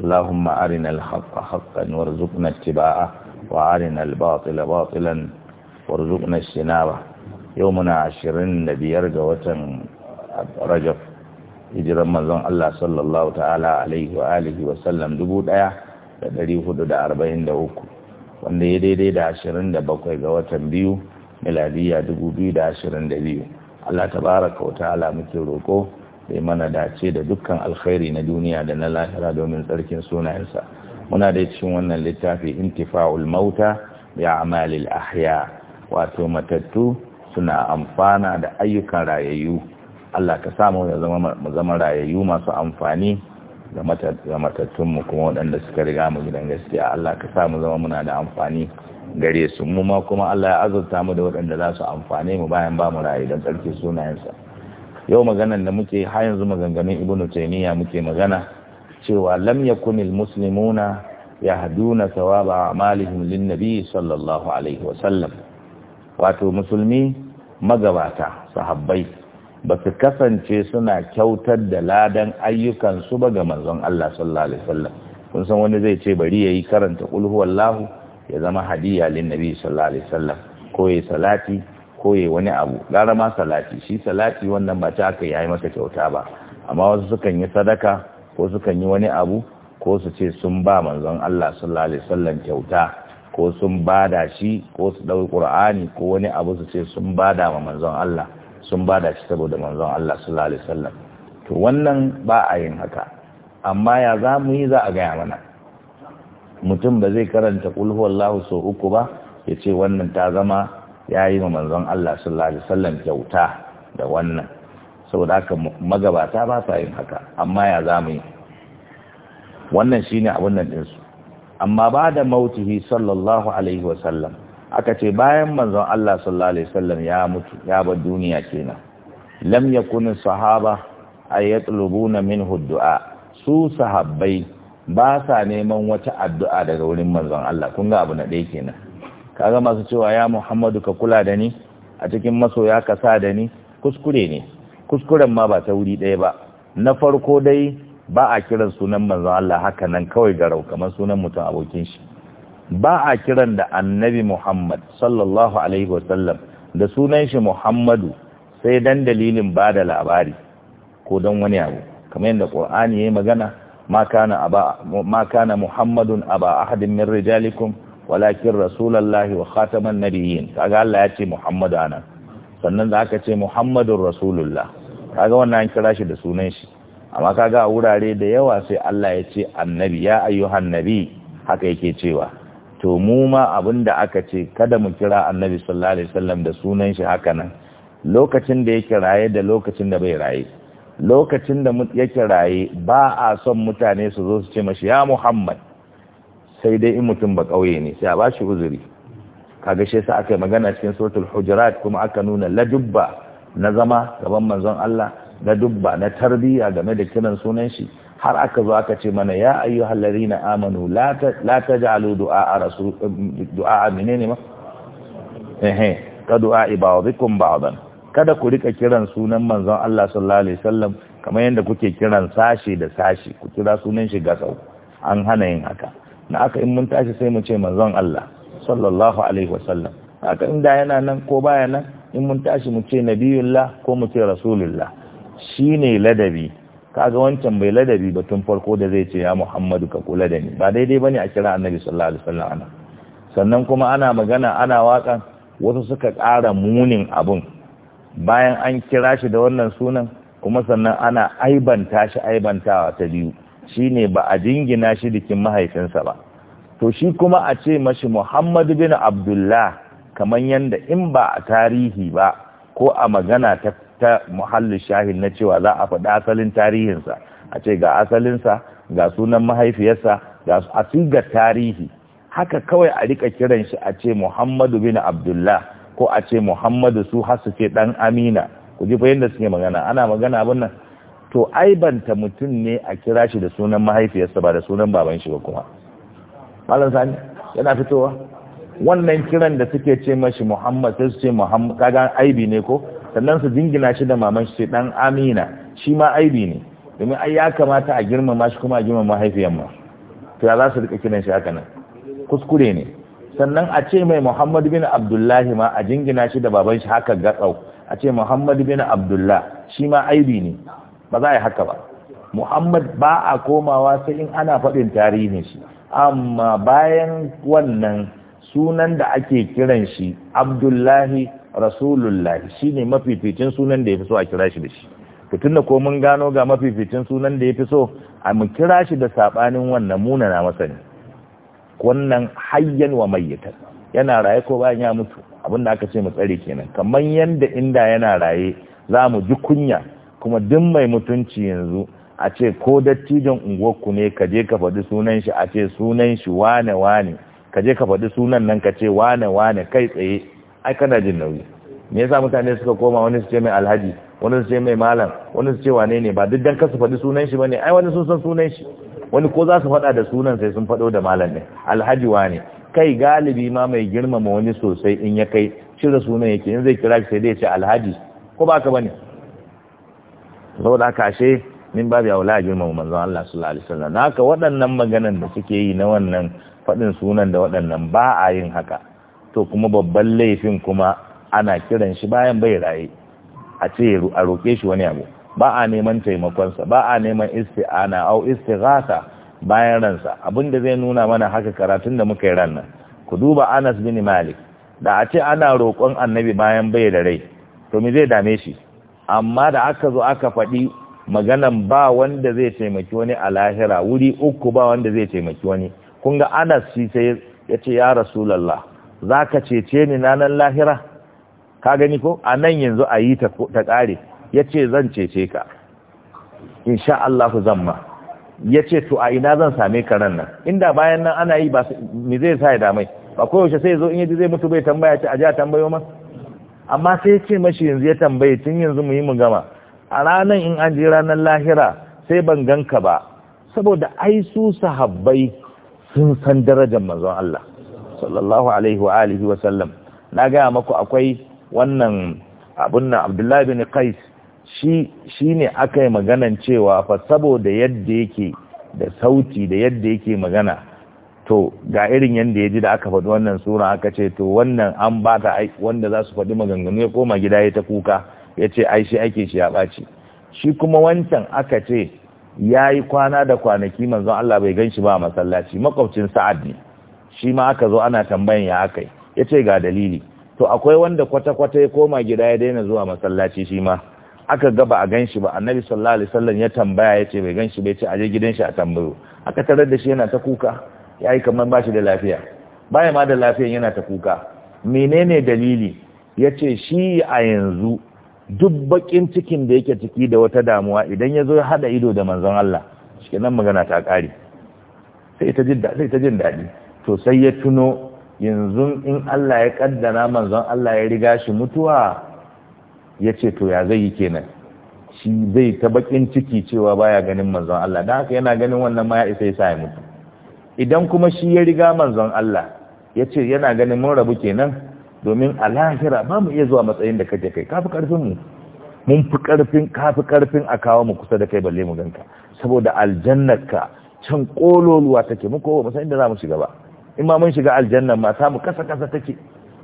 اللهم أرنا الحق حقا وارزقنا اتباعه وأرنا الباطل باطلا وارزقنا الشناوة يومنا عشرين نبيار جوة رجب hijiran manzon Allah sallallahu ta'ala alaihi wa alihi wa sallam uku, wanda ya daidai da ashirin da bakwai ga watan biyu miladiya biyu. Allah tabaraka wa ta'ala muke roko sai mana dace da dukkan alkhairi na duniya da na lahira domin tsarkin sunayensa muna da cikin wannan littafi intifa'ul mauta bi a'malil ahya wato matattu suna amfana da ayyukan rayayyu Allah ka samu ya zama zama rayayyu masu amfani ga matattun mu kuma waɗanda suka riga mu gidan gaskiya Allah ka samu zama muna da amfani gare su mu ma kuma Allah ya azurta mu da waɗanda za su amfane mu bayan ba mu rayu don tsarkin sunayensa yau maganan da muke har yanzu maganganun ibnu taymiya muke magana cewa lam yakunil muslimuna yahduna thawaba a'malihim linnabi sallallahu alaihi wasallam wato musulmi magabata sahabbai ba su kasance suna kyautar da ladan ayyukansu ba ga manzon Allah sallallahu alaihi wasallam kun san wani zai ce bari yayi karanta qul huwallahu ya zama hadiya lin nabi sallallahu alaihi wasallam ko yayi salati ko wani abu gara ma salati shi salati wannan ba ta aka yayi maka kyauta ba amma wasu sukan yi sadaka ko sukan yi wani abu ko su ce sun ba manzon Allah sallallahu alaihi wasallam kyauta ko sun bada shi ko su dauki qur'ani ko wani abu su ce sun bada ma manzon Allah sun bada shi saboda manzon Allah sallallahu alaihi wasallam to wannan ba a yin haka amma ya za mu yi za a gaya mana mutum ba zai karanta kulhu wallahu sau uku ba ya ce wannan ta zama ya yi wa manzon Allah sallallahu alaihi wasallam kyauta da wannan saboda haka magabata ba sa yin haka amma ya zamu yi wannan shine abun nan din su amma ba da mautihi sallallahu alaihi wasallam aka ce bayan manzon Allah sallallahu alaihi wasallam ya mutu ya bar duniya kenan lam yakun sahaba ay yatlubuna minhu du'a su sahabbai ba sa neman wata addu'a daga wurin manzon Allah kun ga abu na ɗaya kenan Ka kaga masu cewa ya muhammadu ka kula da ni a cikin masoya ka sa da ni kuskure ne kuskuren ma ba ta wuri ɗaya ba na farko dai ba a kiran sunan manzo Allah haka nan kawai garau kamar sunan mutum abokin shi ba a kiran da annabi Muhammad sallallahu alaihi wasallam da sunan shi Muhammadu sai dan dalilin ba da labari ko don wani abu kamar yadda Qur'ani yayi magana ma kana aba ma kana Muhammadun aba ahadin min rijalikum walakin rasulullahi wa khataman nabiyyin kaga Allah ya ce Muhammadu anan sannan da aka ce Muhammadun rasulullah kaga wannan an kira shi da sunan shi amma kaga a wurare da yawa sai Allah ya ce annabi ya ayyuhan nabi haka yake cewa to mu ma abinda aka ce kada mu kira annabi sallallahu alaihi wasallam da sunan shi haka nan lokacin da yake raye da lokacin da bai raye lokacin da yake raye ba a son mutane su zo su ce mashi ya Muhammad sai dai in mutum ba ƙauye ne sai a ba shi uzuri kaga shi yasa aka yi magana cikin suratul hujurat kuma aka nuna ladubba na zama gaban manzon Allah ladubba na tarbiyya game da kiran sunan shi har aka zo aka ce mana ya ayyuhal ladina amanu la taj'alu du'a rasul du'a menene ma eh ka du'a ibadikum ba'dan kada ku rika kiran sunan manzon Allah sallallahu alaihi wasallam kamar yadda kuke kiran sashi da sashi ku kira sunan shi gasau an hana yin haka na aka in mun tashi sai mu ce manzon Allah sallallahu alaihi wasallam aka inda yana nan ko baya nan in mun tashi mu ce nabiyullah ko mu ce rasulullah shine ladabi kaga wancan bai ladabi ba tun farko da zai ce ya Muhammadu ka kula da ni ba daidai bane a kira annabi sallallahu alaihi wasallam ana sannan kuma ana magana ana waka wasu suka ƙara munin abun bayan an kira shi da wannan sunan kuma sannan ana aibanta shi aibantawa ta biyu shine ba a jingina shi dikin mahaifinsa ba to shi kuma a ce mashi Muhammadu bin Abdullah kamar yanda in ba a tarihi ba ko a magana ta ta muhallin shahin na cewa za a faɗi asalin tarihinsa a ce ga asalinsa ga sunan mahaifiyarsa ga a ga tarihi haka kawai a rika kiran shi a ce Muhammadu bin Abdullah ko a ce Muhammadu su har dan Amina ku ji fa yadda suke magana ana magana abin nan to ai banta mutum ne a kira shi da sunan mahaifiyarsa ba da sunan baban shi ba kuma malam sani yana fitowa wannan kiran da suke ce mashi muhammad sai su ce muhammad kaga aibi ne ko sannan su jingina shi da maman shi dan amina shi ma aibi ne domin ai ya kamata a girmama shi kuma a girmama mahaifiyar ma to ya za su rika kiran shi haka nan kuskure ne sannan a ce mai muhammad bin abdullahi ma a jingina shi da baban shi haka gatsau a ce muhammad bin abdullah shi ma aibi ne ba za a yi haka ba muhammad ba a komawa sai in ana faɗin tarihin shi amma bayan wannan sunan da ake kiran shi abdullahi rasulullahi shine mafificin sunan da ya fi so a kira shi da shi tun da ko mun gano ga mafificin sunan da ya fi so a mu kira shi da saɓanin wannan munana masa ne wannan hayyan wa mayyata yana raye ko bayan ya mutu abinda aka ce mu tsare kenan kamar yanda inda yana raye za mu ji kunya kuma duk mai mutunci yanzu a ce ko dattijan unguwarku ne ka je ka faɗi sunan shi a ce sunan shi wane wane ka je ka faɗi sunan nan ka ce wane wane kai tsaye ai kana jin nauyi me yasa mutane suka koma wani su ce mai alhaji wani su ce mai malam wani su ce wane ne ba duk dan su faɗi sunan shi bane ai wani sun san sunan shi wani ko za su faɗa da sunan sai sun faɗo da malam ne alhaji wane kai galibi ma mai girmama wani sosai in ya kai cire sunan yake in zai kira shi sai dai ya ce alhaji ko ba ka bane saboda haka ashe min babu ya wula girma manzon Allah sallallahu alaihi wasallam na haka waɗannan maganan da suke yi na wannan faɗin sunan da waɗannan ba a yin haka to kuma babban laifin kuma ana kiran shi bayan bai raye a ce a roƙe shi wani abu ba a neman taimakon sa, ba a neman isti'ana au istighatha bayan ransa Abin da zai nuna mana haka karatun da muka yi ran nan ku duba Anas bin Malik da a ce ana roƙon Annabi bayan bai da rai to me zai dame shi amma da aka zo aka faɗi maganan ba wanda zai taimaki wani a lahira wuri uku ba wanda zai taimaki wani kun ga anas shi sai ya ce ya rasulallah za ka cece ni na nan lahira ka gani ko a nan yanzu a yi ta ƙare ya ce zan cece ka insha Allah zan ya ce to a ina zan same ka nan nan inda bayan nan ana yi ba zai sa ya damai ba koyaushe sai zo in yaji zai mutu bai tambaya ce a ja tambayo ma. amma sai ce mashi yanzu ya tambaye tun yanzu mu yi mu gama a ranar in an je ranar lahira sai ban ganka ba saboda ai su sahabbai sun san darajar manzon Allah sallallahu alaihi wa alihi wa sallam na gaya maku akwai wannan abun nan Abdullahi bin Qais shi shine aka yi maganan cewa fa saboda yadda yake da sauti da yadda yake magana to ga irin yadda ya ji da aka faɗi wannan sura aka ce to wannan an ba ta wanda za su faɗi maganganu ya koma gida ya ta kuka ya ce ai shi ake shi ya ɓaci shi kuma wancan aka ce ya yi kwana da kwanaki manzon Allah bai gan shi ba a masallaci makwabcin sa'ad ne shi ma aka zo ana tambayan ya aka yi ya ce ga dalili to akwai wanda kwata-kwata ya koma gida ya daina zuwa masallaci shi ma aka ga a gan shi ba annabi sallallahu alaihi wasallam ya tambaya ya ce bai gan shi bai ce aje gidan shi a tambayo aka tarar da shi yana ta kuka ya yi kamar ba shi da lafiya baya ma da lafiyan yana ta kuka menene dalili ya ce shi a yanzu duk bakin cikin da yake ciki da wata damuwa idan ya zo haɗa ido da manzon Allah shi nan magana ta ƙare sai ta jin daɗi to sai ya tuno yanzu in Allah ya ƙaddara manzon Allah ya riga shi mutuwa ya ce to ya zai yi kenan shi zai ta bakin ciki cewa baya ganin manzon Allah Dan haka yana ganin wannan ma ya isa ya ya mutu idan kuma shi ya riga manzon Allah ya ce yana ganin mun rabu kenan domin a lahira ba mu iya zuwa matsayin da kake kai kafi karfin mu mun fi karfin kafi karfin a kawo mu kusa da kai balle mu ganka saboda aljannarka can kololuwa take mu kowa musan inda za mu shiga ba in ma mun shiga aljannan ma samu kasa kasa take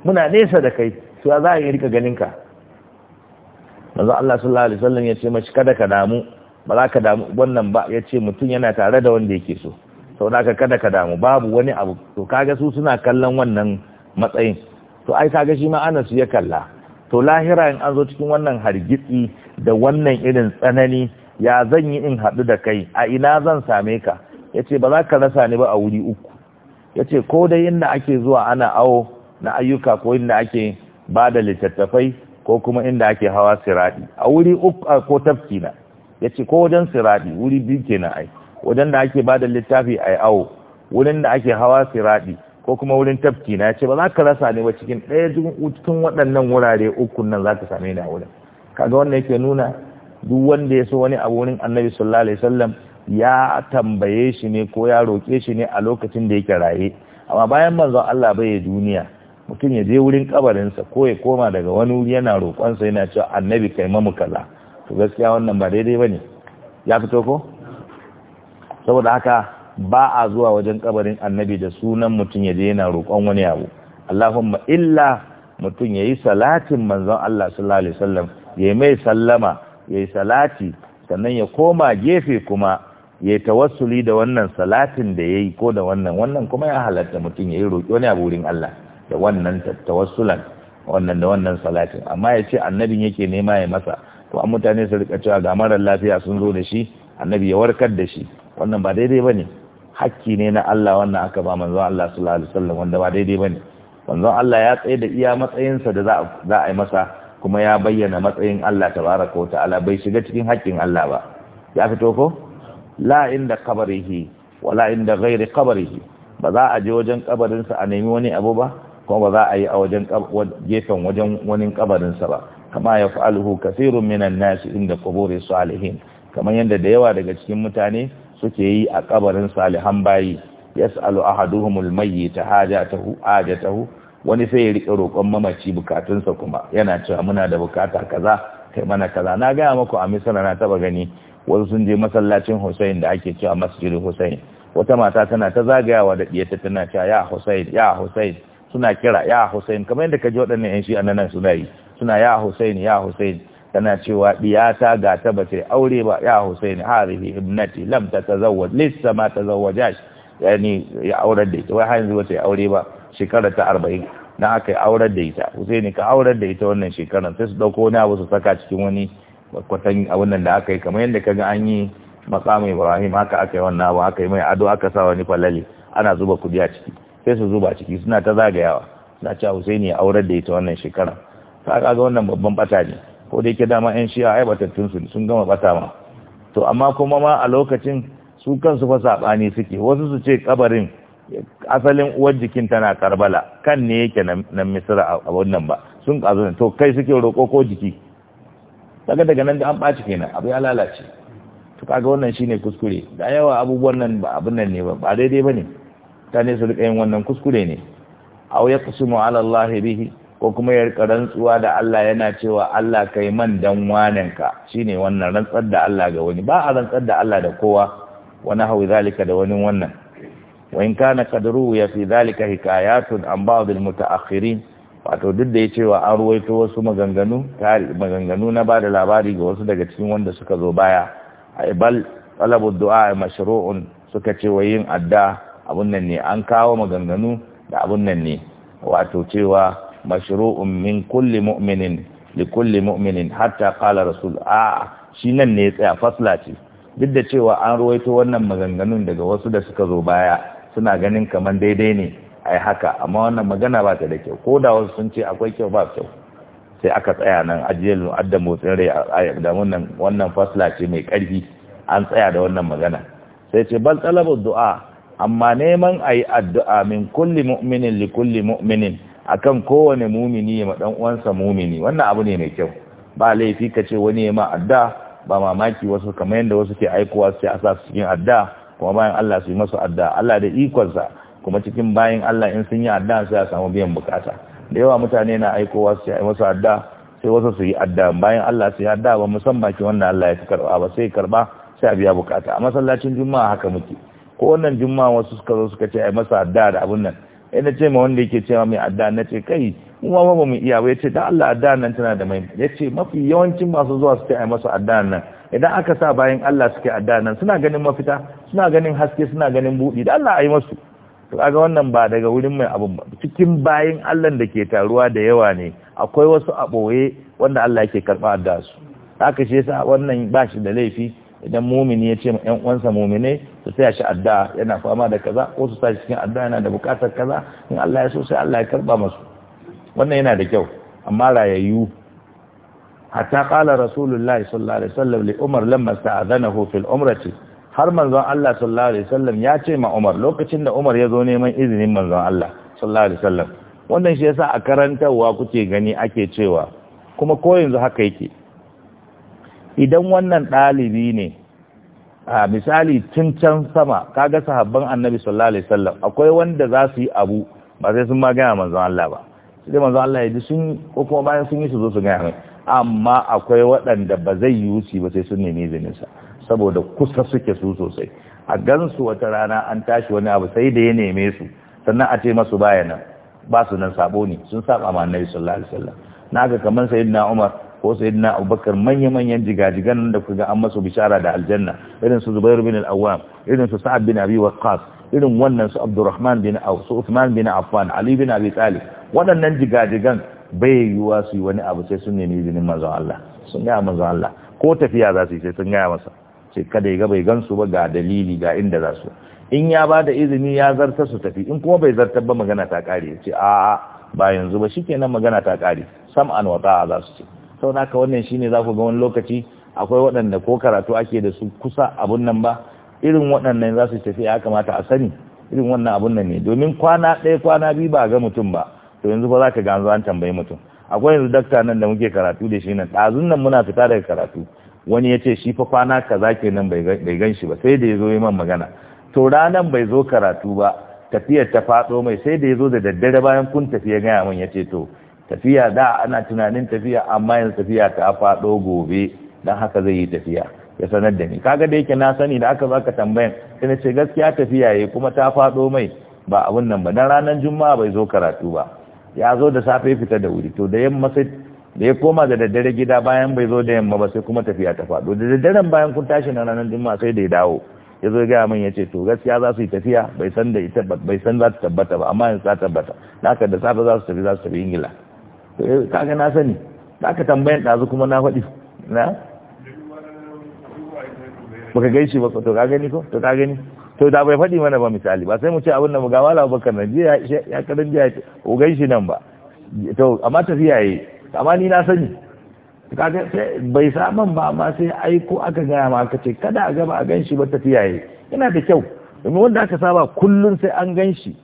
muna nesa da kai to za a yi rika ganin ka manzo Allah sallallahu alaihi wasallam ya ce mashi kada ka damu ba za ka damu wannan ba ya ce mutum yana tare da wanda yake so sau da aka kada ka damu babu wani abu to kaga su suna kallon wannan matsayin to ai kaga shi ma su ya kalla to lahira in an zo cikin wannan hargitsi da wannan irin tsanani ya zan yi in haɗu da kai a ina zan same ka ya ce ba za ka rasa ni ba a wuri uku ya ce ko dai inda ake zuwa ana awo na ayyuka ko inda ake ba da littattafai ko kuma inda ake hawa siraɗi a wuri uku ko tafki na ya ce ko wajen siraɗi wuri biyu kenan ai wajen da ake ba da littafi a yi awo wurin da ake hawa siradi ko kuma wurin tafki na ce ba za ka rasa ne ba cikin ɗaya cikin waɗannan wurare uku nan za ka same ni a wurin kaga wannan yake nuna duk wanda ya so wani abu wurin annabi sallallahu alaihi wasallam ya tambaye shi ne ko ya roƙe shi ne a lokacin da yake raye amma bayan manzon Allah bai duniya mutum ya je wurin kabarinsa ko ya koma daga wani wuri yana roƙonsa yana cewa annabi kai mamu kaza to gaskiya wannan ba daidai bane ya fito ko saboda haka ba a zuwa wajen kabarin annabi da sunan mutum ya je yana roƙon wani abu Allahumma illa mutum yayi salatin manzon Allah sallallahu alaihi wasallam ya mai sallama yayi salati sannan ya koma gefe kuma ya tawassuli da wannan salatin da ya ko da wannan wannan kuma ya halatta mutum ya yi roƙi wani abu wurin Allah da wannan tawassulan wannan da wannan salatin amma ya ce annabin yake nema ya masa to an mutane su rika cewa ga marar lafiya sun zo da shi annabi ya warkar da shi wannan ba daidai ba ne. hakki ne na Allah wannan aka ba manzon Allah sallallahu alaihi wasallam wanda ba daidai ba ne. manzon Allah ya tsaye da iya matsayinsa da za a yi masa kuma ya bayyana matsayin Allah tabaraka wa ta'ala bai shiga cikin haƙƙin Allah ba ya fito ko la inda qabrihi wala inda ghairi qabrihi ba za a je wajen kabarin sa a nemi wani abu ba kuma ba za a yi a wajen gefen wajen wani kabarin sa ba kama ya fa'aluhu kaseerun minan nasi inda quburi salihin kamar yanda da yawa daga cikin mutane suke yi a kabarin salihan bayi yas'alu ahaduhumul mayyit hajatahu hajatahu wani sai ya rike roƙon mamaci bukatunsa kuma yana cewa muna da bukata kaza kai mana kaza na gaya maku a misala na taba gani wasu sun je masallacin Hussein da ake cewa masjidin Hussein wata mata tana ta zagayawa da diyarta tana cewa ya Hussein ya Hussein suna kira ya Hussein kamar yadda kaji waɗannan yan shi annan suna yi suna ya Hussein ya Hussein tana cewa diyata ga ta bace aure ba ya Husaini harihi ibnati lam tatazawwaj lissa ma tazawwajat yani ya aurar da ita wai har yanzu bace aure ba shekara ta 40 na aka aurar da ita Husaini ka aurar da ita wannan shekarar. sai su dauko na wasu saka cikin wani kwatan a wannan da aka yi kamar yadda ka ga an yi makamu Ibrahim haka aka yi wannan abu aka yi mai ado aka sa wani falali. ana zuba kudi a ciki sai su zuba ciki suna ta zagayawa Na cewa Husaini ya aurar da ita wannan shekara ta kaga wannan babban bata ne ko da yake dama yan shi'a a batattun su sun gama bata ma to amma kuma ma a lokacin su kansu fa sabani suke wasu su ce kabarin asalin uwar jikin tana karbala kan ne yake nan misira a wannan ba sun kazo to kai suke roƙo ko jiki daga daga nan da an ɓaci kenan abu ya lalace to kaga wannan shine kuskure da yawa abubuwan nan ba abin nan ne ba ba daidai bane ta ne su riƙa yin wannan kuskure ne aw yaqsimu ala allahi bihi ko kuma ya rika rantsuwa da Allah yana cewa Allah kai man dan wanenka shine wannan rantsar da Allah ga wani ba a rantsar da Allah da kowa wani hawi zalika da wani wannan wa in kana kadru ya fi zalika hikayatun an ba'd al mutaakhirin wato duk da ya cewa an ruwaito wasu maganganu maganganu na ba da labari ga wasu daga cikin wanda suka zo baya ai bal talabu du'a mashru'un suka ce wa yin adda abun nan ne an kawo maganganu da abun nan ne wato cewa mashru'un min kulli mu'minin li kulli mu'minin hatta qala rasul a shi nan ne ya tsaya fasla ce duk da cewa an ruwaito wannan maganganun daga wasu da suka zo baya suna ganin kamar daidai ne ai haka amma wannan magana ba ta da kyau ko da wasu sun ce akwai kyau ba kyau sai aka tsaya nan ajiyar adda motsin rai a da wannan wannan fasla ce mai ƙarfi an tsaya da wannan magana sai ce bal talabu du'a amma neman ayi addu'a min kulli mu'minin li kulli mu'minin akan kowane mumini ya dan uwansa mumini wannan abu ne mai kyau ba laifi ka ce wani ya ma adda ba mamaki wasu kamar yadda wasu ke aikowa su a sa su cikin adda kuma bayan Allah su yi masu adda Allah da ikonsa kuma cikin bayan Allah in sun yi adda sai a samu biyan bukata da yawa mutane na aikowa su yi masu adda sai wasu su yi adda bayan Allah su yi adda ba musamman ki wannan Allah ya fi karba ba sai karba sai a biya bukata a masallacin juma'a haka muke ko wannan juma'a wasu suka zo suka ce ai masa adda da abun nan sai ce ma wanda yake cewa mai adda na ce kai kuma ba mu iya wai ce da Allah adda nan tana da mai ya ce mafi yawancin masu zuwa suke ai masu adda nan idan aka sa bayan Allah suke adda nan suna ganin mafita suna ganin haske suna ganin buɗi da Allah ai masu to kaga wannan ba daga wurin mai abun ba cikin bayan Allah da ke taruwa da yawa ne akwai wasu aboye wanda Allah yake karba adda su haka shi yasa wannan bashi da laifi idan mumini ya ce ma ƴan uwansa mumine su sai shi addu'a yana fama da kaza ko su sa shi cikin addu'a yana da buƙatar kaza in Allah ya so sai Allah ya karba masu wannan yana da kyau amma rayayyu hatta qala rasulullahi sallallahu alaihi wasallam li umar lamma sta'adhanahu fil umrati har manzon Allah sallallahu alaihi wasallam ya ce ma umar lokacin da umar ya zo neman izinin manzon Allah sallallahu alaihi wasallam wannan shi yasa a karantarwa kuke gani ake cewa kuma ko yanzu haka yake idan wannan ɗalibi ne a misali tun can sama Ka kaga sahabban annabi sallallahu alaihi wasallam akwai wanda za su yi abu ba sai sun ma gaya manzon Allah ba sai manzon Allah ya ji sun ko kuma bayan sun yi su zo su gaya mai amma akwai waɗanda ba zai yi wuce ba sai sun nemi izinin sa saboda kusa suke su sosai a gansu wata rana an tashi wani abu sai da ya neme su sannan a ce masu baya nan ba su nan sabo ne sun saba ma annabi sallallahu alaihi wasallam na kaman sayyidina Umar ko sayyidina abubakar manya-manyan jigajigan nan da ga an masu bishara da aljanna irin su zubairu bin al-awwam irin su sa'ad bin abi waqqas irin wannan su abdurrahman bin auf su uthman bin affan ali bin abi talib waɗannan jigajigan bai yiwuwa su yi wani abu sai sun nemi izinin manzon Allah sun ga manzon Allah ko tafiya za su yi sai sun gaya masa sai kada ga bai gansu ba ga dalili ga inda za su in ya ba da izini ya zarta su tafi in kuma bai zartar ba magana ta kare ce a'a ba yanzu ba shikenan magana ta kare sam'an wa ta'a za su ce sau naka wannan shine za ku ga wani lokaci akwai waɗanda ko karatu ake da su kusa abun nan ba irin waɗannan za su tafi ya kamata a sani irin wannan abun nan ne domin kwana ɗaya kwana biyu ba ga mutum ba to yanzu ba za ka ga an tambayi mutum akwai yanzu dakta nan da muke karatu da shi nan ɗazun nan muna fita daga karatu wani ya ce shi fa kwana kaza kenan bai gan shi ba sai da ya zo yi man magana to ranan bai zo karatu ba tafiyar ta faɗo mai sai da ya zo da daddare bayan kun tafi ya gaya min ya ce to tafiya da ana tunanin tafiya amma yanzu tafiya ta faɗo gobe don haka zai yi tafiya ya sanar da ni kaga da yake na sani da aka zaka tambayan sai na ce gaskiya tafiya yayi kuma ta faɗo mai ba abun nan ba dan ranar juma'a bai zo karatu ba ya zo da safe fita da wuri to da yamma sai da ya koma da daddare gida bayan bai zo da yamma ba sai kuma tafiya ta faɗo da daddaren bayan kun tashi na ranar juma'a sai da ya dawo ya zo gaya min ya ce to gaskiya za su yi tafiya bai san da ita bai san za ta tabbata ba amma yanzu ta tabbata da haka da safe za su tafi za su tafi ingila Eh, kaga na sani da aka tambayan ɗazu kuma na faɗi na baka gaishe ba to ka gani ko to ka gani to da bai faɗi mana ba misali ba sai mu ce abin da mu ga mala bakar na jiya ya karin jiya ko gaishe nan ba to amma tafiya yi amma ni na sani kaga sai bai saman ba amma sai aiko aka gaya ma aka ce kada a gaba a ganshi ba tafiya yi yana da kyau domin wanda aka saba kullum sai an ganshi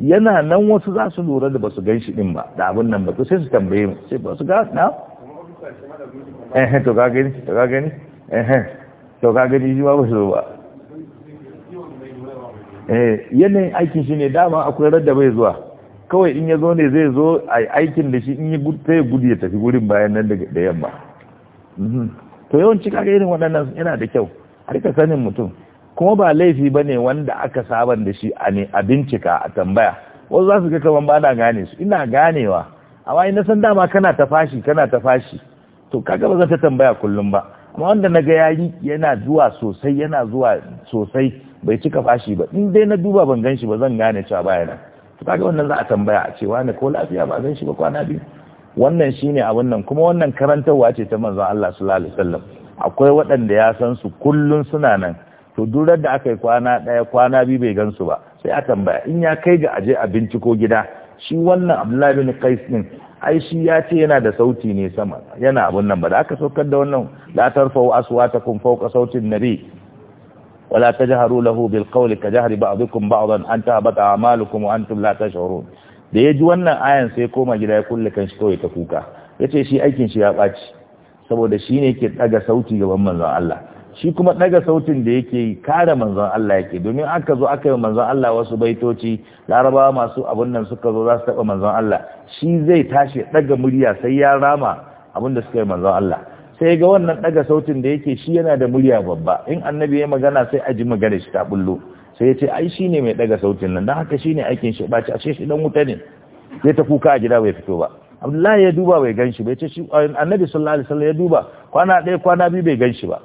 yana nan wasu za su lura da ba su gan shi din ba da abin nan ba to sai su tambaye mu sai ba su ga na eh, eh to ka gani to ka gani eh, eh to ka gani shi ba ba su ba eh yanayin aikin shi ne dama akwai radda bai zuwa kawai in ya zo ne zai zo a aikin da shi in yi gudu ya gudu ya tafi gurin bayan nan da yamma mhm. to yawanci kaga irin waɗannan yana da kyau har ka sanin mutum kuma ba laifi ba ne wanda aka saban da shi a bincika a tambaya wasu za su ga kamar ba na gane su ina ganewa amma ina san dama kana ta fashi kana ta fashi to kaga ba zan ta tambaya kullum ba amma wanda na ga yayi yana zuwa sosai yana zuwa sosai bai cika fashi ba in dai na duba ban gan shi ba zan gane cewa ba yana to kaga wannan za a tambaya a cewa ne ko lafiya ba zan shi ba kwana biyu wannan shine abin nan kuma wannan karantarwa ce ta manzon Allah sallallahu alaihi wasallam akwai waɗanda ya san su kullun suna nan to durar da aka yi kwana ɗaya kwana biyu bai gansu ba sai a tambaya in ya kai ga aje a ko gida shi wannan abdullahi bin qais din ai shi ya ce yana da sauti ne sama yana abun nan ba da aka saukar da wannan la tarfa'u aswatakum fawqa sautin nabi wala tajharu lahu bil qawli kajahri ba'dukum ba'dan an tahbata a'malukum wa antum la tash'urun da ya ji wannan ayan sai koma gida ya kulle kan shi kawai ta kuka yace shi aikin shi ya ɓaci saboda shi ne ke ɗaga sauti gaban manzon Allah shi kuma daga sautin da yake kare manzon Allah yake domin aka zo aka yi manzon Allah wasu baitoci larabawa masu abun nan suka zo za su taba manzon Allah shi zai tashi daga murya sai ya rama abun da suka yi manzon Allah sai ga wannan daga sautin da yake shi yana da murya babba in annabi ya magana sai a ji magana shi ta bullo sai ya ce ai shi ne mai daga sautin nan dan haka shi ne aikin shi ba ce shi dan wuta ne zai ta kuka a gida bai fito ba abdullahi ya duba bai ganshi bai ce shi annabi sallallahu alaihi wasallam ya duba kwana ɗaya kwana biyu bai ganshi ba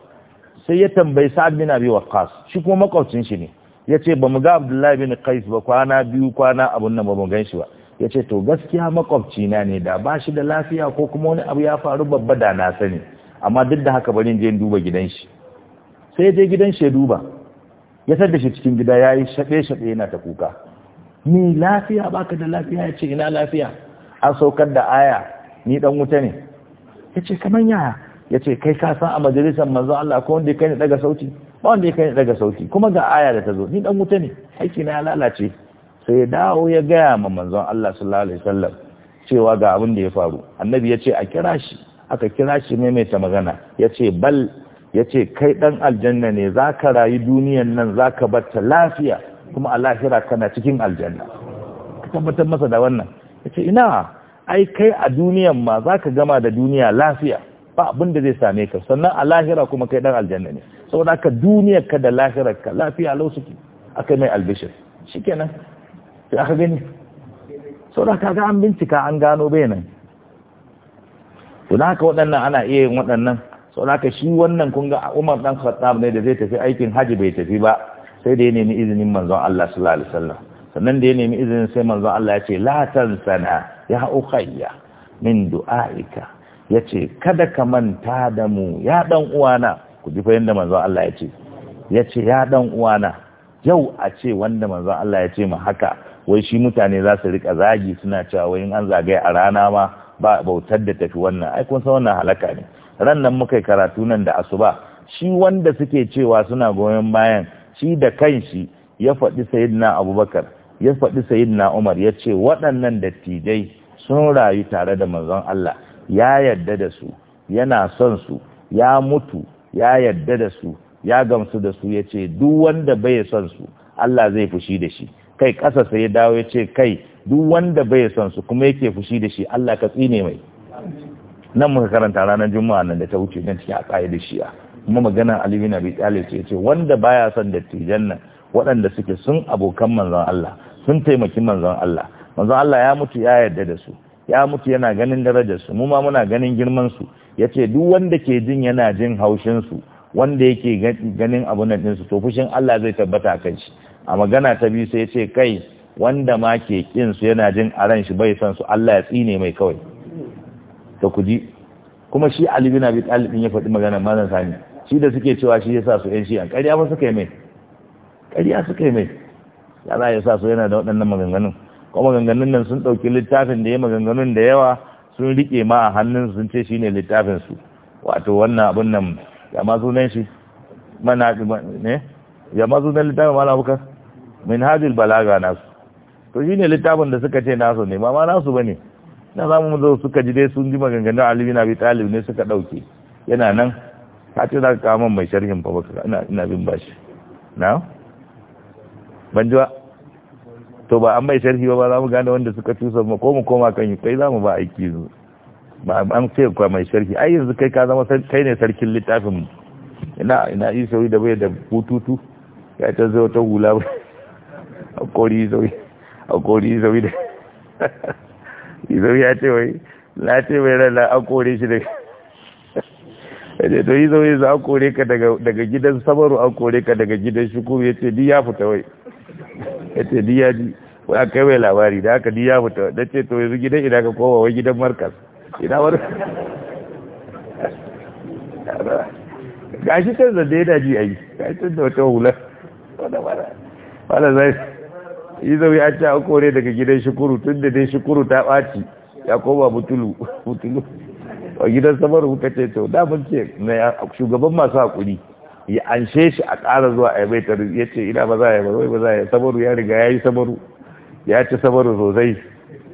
sai ya tambayi sa'ad bin abi waqqas shi kuma makwabcin shi ne yace bamu ga abdullahi bin qais ba kwana biyu kwana abun nan ba mu gan shi ba yace to gaskiya makwabci na ne da ba shi da lafiya ko kuma wani abu ya faru babba da na sani amma duk da haka bari je in duba gidan shi sai ya je gidan shi ya duba ya da shi cikin gida yayi shabe shabe yana ta kuka ni lafiya baka da lafiya yace ina lafiya an saukar da aya ni dan wuta ne yace kaman yaya ya ce kai ka san a majalisar manzon Allah ko wanda ya kai ni daga sauti ba wanda ya kai ni daga sauti kuma ga aya da ta zo ni dan wuta ne aiki na ya lalace sai ya dawo ya gaya ma manzon Allah sallallahu alaihi wasallam cewa ga abin da ya faru annabi ya ce a kira shi aka kira shi ta magana ya ce bal ya ce kai dan aljanna ne za ka rayu duniyan nan za ka ta lafiya kuma a lahira kana cikin aljanna ka tabbatar masa da wannan ya ce ina ai kai a duniyan ma za ka gama da duniya lafiya ba abin da zai same ka sannan a lahira kuma kai dan aljanna ne saboda ka duniyar ka da lahirar ka lafiya lau suke akai mai albishir shikenan sai aka gani saboda ka ga an bincika an gano bayanan to da haka waɗannan ana iya yin waɗannan saboda ka shi wannan kun ga Umar dan Khattab ne da zai tafi aikin haji bai tafi ba sai da ya nemi izinin manzon Allah sallallahu alaihi wasallam sannan da ya nemi izinin sai manzon Allah ya ce la tansana ya ukhayya min du'aika ya ce kada ka manta da mu ya ɗan uwana ku ji fa yadda manzon Allah ya ce ya ce ya ɗan uwana yau a ce wanda manzon Allah ya ce ma haka wai shi mutane za su rika zagi suna cewa wai in an zagaye a rana ma ba bautar da tafi wannan ai kun san wannan halaka ne ran nan muka yi karatu nan da asuba shi wanda suke cewa suna goyon bayan shi da kanshi ya faɗi sayyidina abubakar ya faɗi sayyidina umar ya ce waɗannan dattijai sun rayu tare da manzon Allah ya yarda da su yana son su ya mutu ya yarda da su ya gamsu da su ya ce duk wanda bai son su Allah zai fushi da shi kai ƙasa sai ya dawo ya ce kai duk wanda bai son su kuma yake fushi da shi Allah ka tsine mai nan muka karanta ranar juma'a nan da ta wuce nan cikin a da shi'a kuma maganar Ali bin Abi Talib ce ce wanda baya son dattijan nan waɗanda suke sun abokan manzon Allah sun taimaki manzon Allah manzon Allah ya mutu ya yarda da su ya mutu yana ganin darajarsu mu ma muna ganin girman ya ce duk wanda ke jin yana jin haushin su wanda yake ganin abu nan su to fushin Allah zai tabbata kan shi a magana ta biyu sai ce kai wanda ma ke su yana jin a shi bai san su Allah ya tsine mai kawai ku ji kuma shi Ali bin Abi Talib ya faɗi magana mazan sani shi da suke cewa shi yasa su yan shi an kariya ba suka yi mai kariya suka yi mai ya ya sa su yana da waɗannan maganganun kuma maganganun nan sun ɗauki littafin da ya maganganun da yawa sun riƙe ma a hannun sun ce shine littafin su wato wannan abun nan ya ma sunan shi mana ne ya ma sunan littafin malam bukar min hajjul balaga nasu to shine littafin da suka ce nasu ne ba ma nasu bane na zamu mu zo suka ji dai sun ji maganganun Ali na bi Talib ne suka ɗauke yana nan ka ce za ka kawo mai sharhin fa baka ina bin bashi na ban ji ba to ba an bai sharhi ba za mu gane wanda suka tusa mu ko mu koma kan yi kai za mu ba aiki zu ba an ce kwa mai sharhi ai yanzu kai ka zama kai ne sarkin littafin mu ina ina sauri da bai da bututu ya ta zo ta hula ba a kori isawi a kori isawi da isawi ya ce wai na ce mai rana an kore shi daga to yi zaune za a kore ka daga gidan samaru an kore ka daga gidan shi kuma ce ni ya fita wai ya ce ya ji ya kai mai labari da haka diya mutu da ce to yanzu gidan ina ka kowa wai gidan markas ina wani gashi kan zanda yana ji a yi gashi can da wata hula wadda mara wadda zai yi zau ya cewa kore daga gidan shukuru tun da dai shukuru ta ɓaci ya koma mutulu mutulu a gidan samar kuka ce to da mun ce na shugaban masu haƙuri ya anshe shi a ƙara zuwa a yabai ya ce ina ba za a yi ba ba za a yi sabaru ya riga ya yi sabaru ya ci sabaru sosai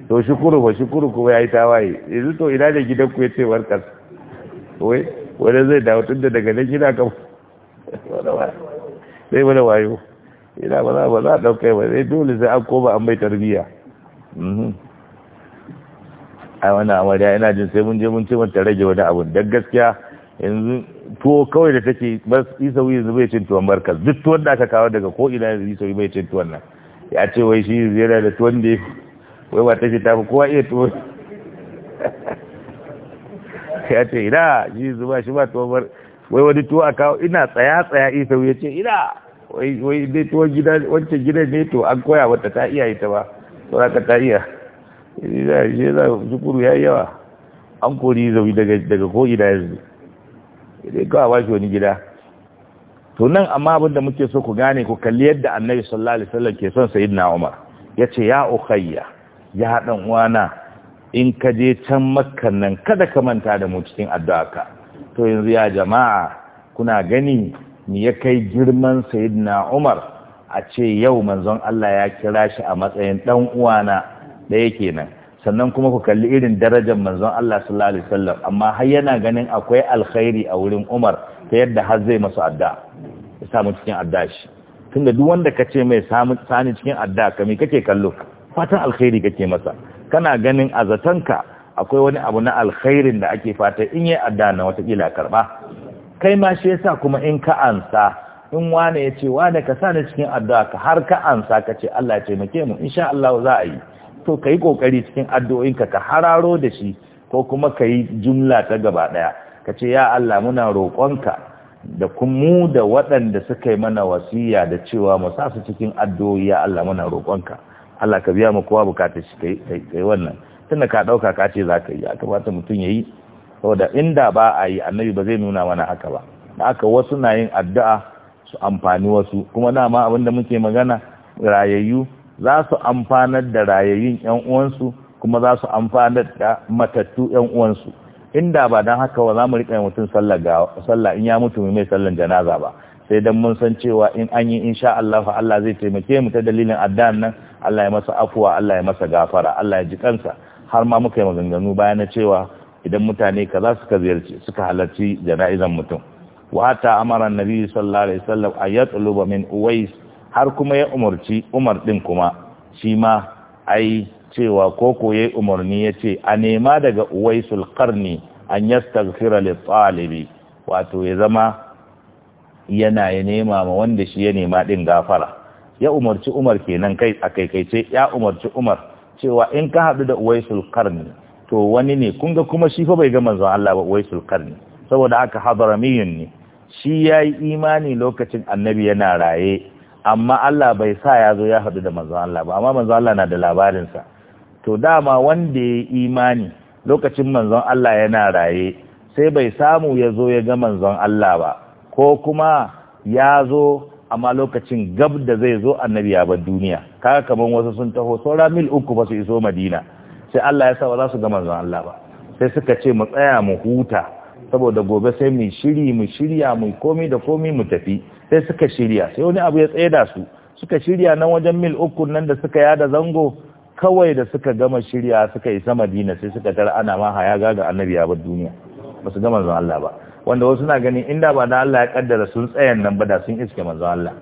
to shukuru ba shukuru kuma ya yi tawaye yanzu to ina da gidan ku ya ce warkas wai wani zai dawo tun da daga nan gina kam zai wani wayo ina ba za ba za a ɗaukai ba zai dole sai an koma an mai tarbiyya mhm. a wani amarya ina jin sai mun je mun ce mun ta rage wani abu don gaskiya yanzu tuwo kawai da take bas isawi yanzu bai cin tuwon barka duk tuwon da aka kawo daga ko ina yanzu isawi bai cin tuwon nan ya ce wai shi yana da tuwon da wai ba ta ce tafi kowa iya tuwon? ya ce ina shi zuba shi ba tuwon bar wai wani tuwo a kawo ina tsaya tsaya isawi ya ce ina wai dai tuwon gida wancan gida ne to an koya wata ta iya ita ba sauraka ta iya shi yana shukuru ya yi yawa an kori zaune daga ko ina yanzu dai kawai ba shi wani gida to nan amma abin da muke so ku gane ku kalli yadda annabi sallallahu alaihi wasallam ke son sayyidina umar yace ya ukhayya ya dan uwana in ka je can makkan nan kada ka manta da mu cikin addu'a ka. to yanzu ya jama'a kuna gani me ya kai girman sayyidina umar a ce yau manzon Allah ya kira shi a matsayin dan uwana da yake nan sannan kuma ku kalli irin darajar manzon Allah sallallahu alaihi wasallam amma har yana ganin akwai alkhairi a wurin Umar ta yadda har zai masu adda ya samu cikin adda shi tunda duk wanda kace mai samu sani cikin adda ka me kake kallo fatan alkhairi kake masa kana ganin a zatanka akwai wani abu na alkhairin da ake fata in yi adda na wata kila karba kai ma shi yasa kuma in ka ansa in wane ya ce wane ka sani cikin adda ka har ka ansa ka ce Allah ya taimake mu insha Allah za a yi to ka yi ƙoƙari cikin addu'o'inka ka hararo da shi ko kuma ka yi jumla ta gaba ɗaya ka ce ya Allah muna roƙonka da mu da waɗanda suka yi mana wasiya da cewa mu sa su cikin addu'o'i ya Allah muna roƙonka Allah ka biya mu kowa bukatar shi yi wannan tunda ka ɗauka ka ce za ka yi ya kamata mutum ya yi saboda inda ba a yi annabi ba zai nuna mana haka ba da aka wasu na yin addu'a su amfani wasu kuma dama abinda muke magana rayayyu za su amfanar da rayayyun yan uwansu kuma za su amfanar da matattu yan uwansu inda ba dan haka ba za mu rika mutum sallah in ya mutu mai sallar janaza ba sai dan mun san cewa in an yi insha Allah Allah zai taimake mu ta dalilin addan nan Allah ya masa afuwa Allah ya masa gafara Allah ya ji kansa har ma muka yi maganganu bayan na cewa idan mutane kaza suka ziyarci suka halarci jana'izan mutum wa ta amara annabi sallallahu alaihi wasallam ayatluba min uwais har kuma ya umarci umar din kuma shi ma ai cewa koko ya umarni ya ce a nema daga uwaisul ne an yastaghfira li talibi wato ya zama yana ya nema ma wanda shi ya nema din gafara ya umarci umar kenan kai a kaikaice ya umarci umar cewa in ka haɗu da uwaisul ne to wani ne kun kuma shi fa bai ga manzon Allah ba uwaisul ne saboda haka miyun ne shi ya yi imani lokacin annabi yana raye amma Allah bai sa ya zo ya haɗu da manzon Allah ba amma manzon Allah na da labarinsa to dama wanda ya imani lokacin manzon Allah yana raye sai bai samu ya zo ya ga manzon Allah ba ko kuma ya zo amma lokacin gab da zai zo annabi ya bar duniya kaga kaman wasu sun taho saura mil uku ba su iso madina sai Allah ya sa ba za su ga manzon Allah ba sai suka ce mu tsaya mu huta saboda gobe sai mu shiri mu shirya mu komai da komai mu tafi sai suka shirya sai wani abu ya da su suka shirya nan wajen mil uku nan da suka yada zango kawai da suka gama shirya suka isa madina sai suka tara ana ma haya ga annabi ya bar duniya ba su ga manzon Allah ba wanda wasu na ganin inda ba da Allah ya kaddara sun tsayan nan ba da sun iske manzon Allah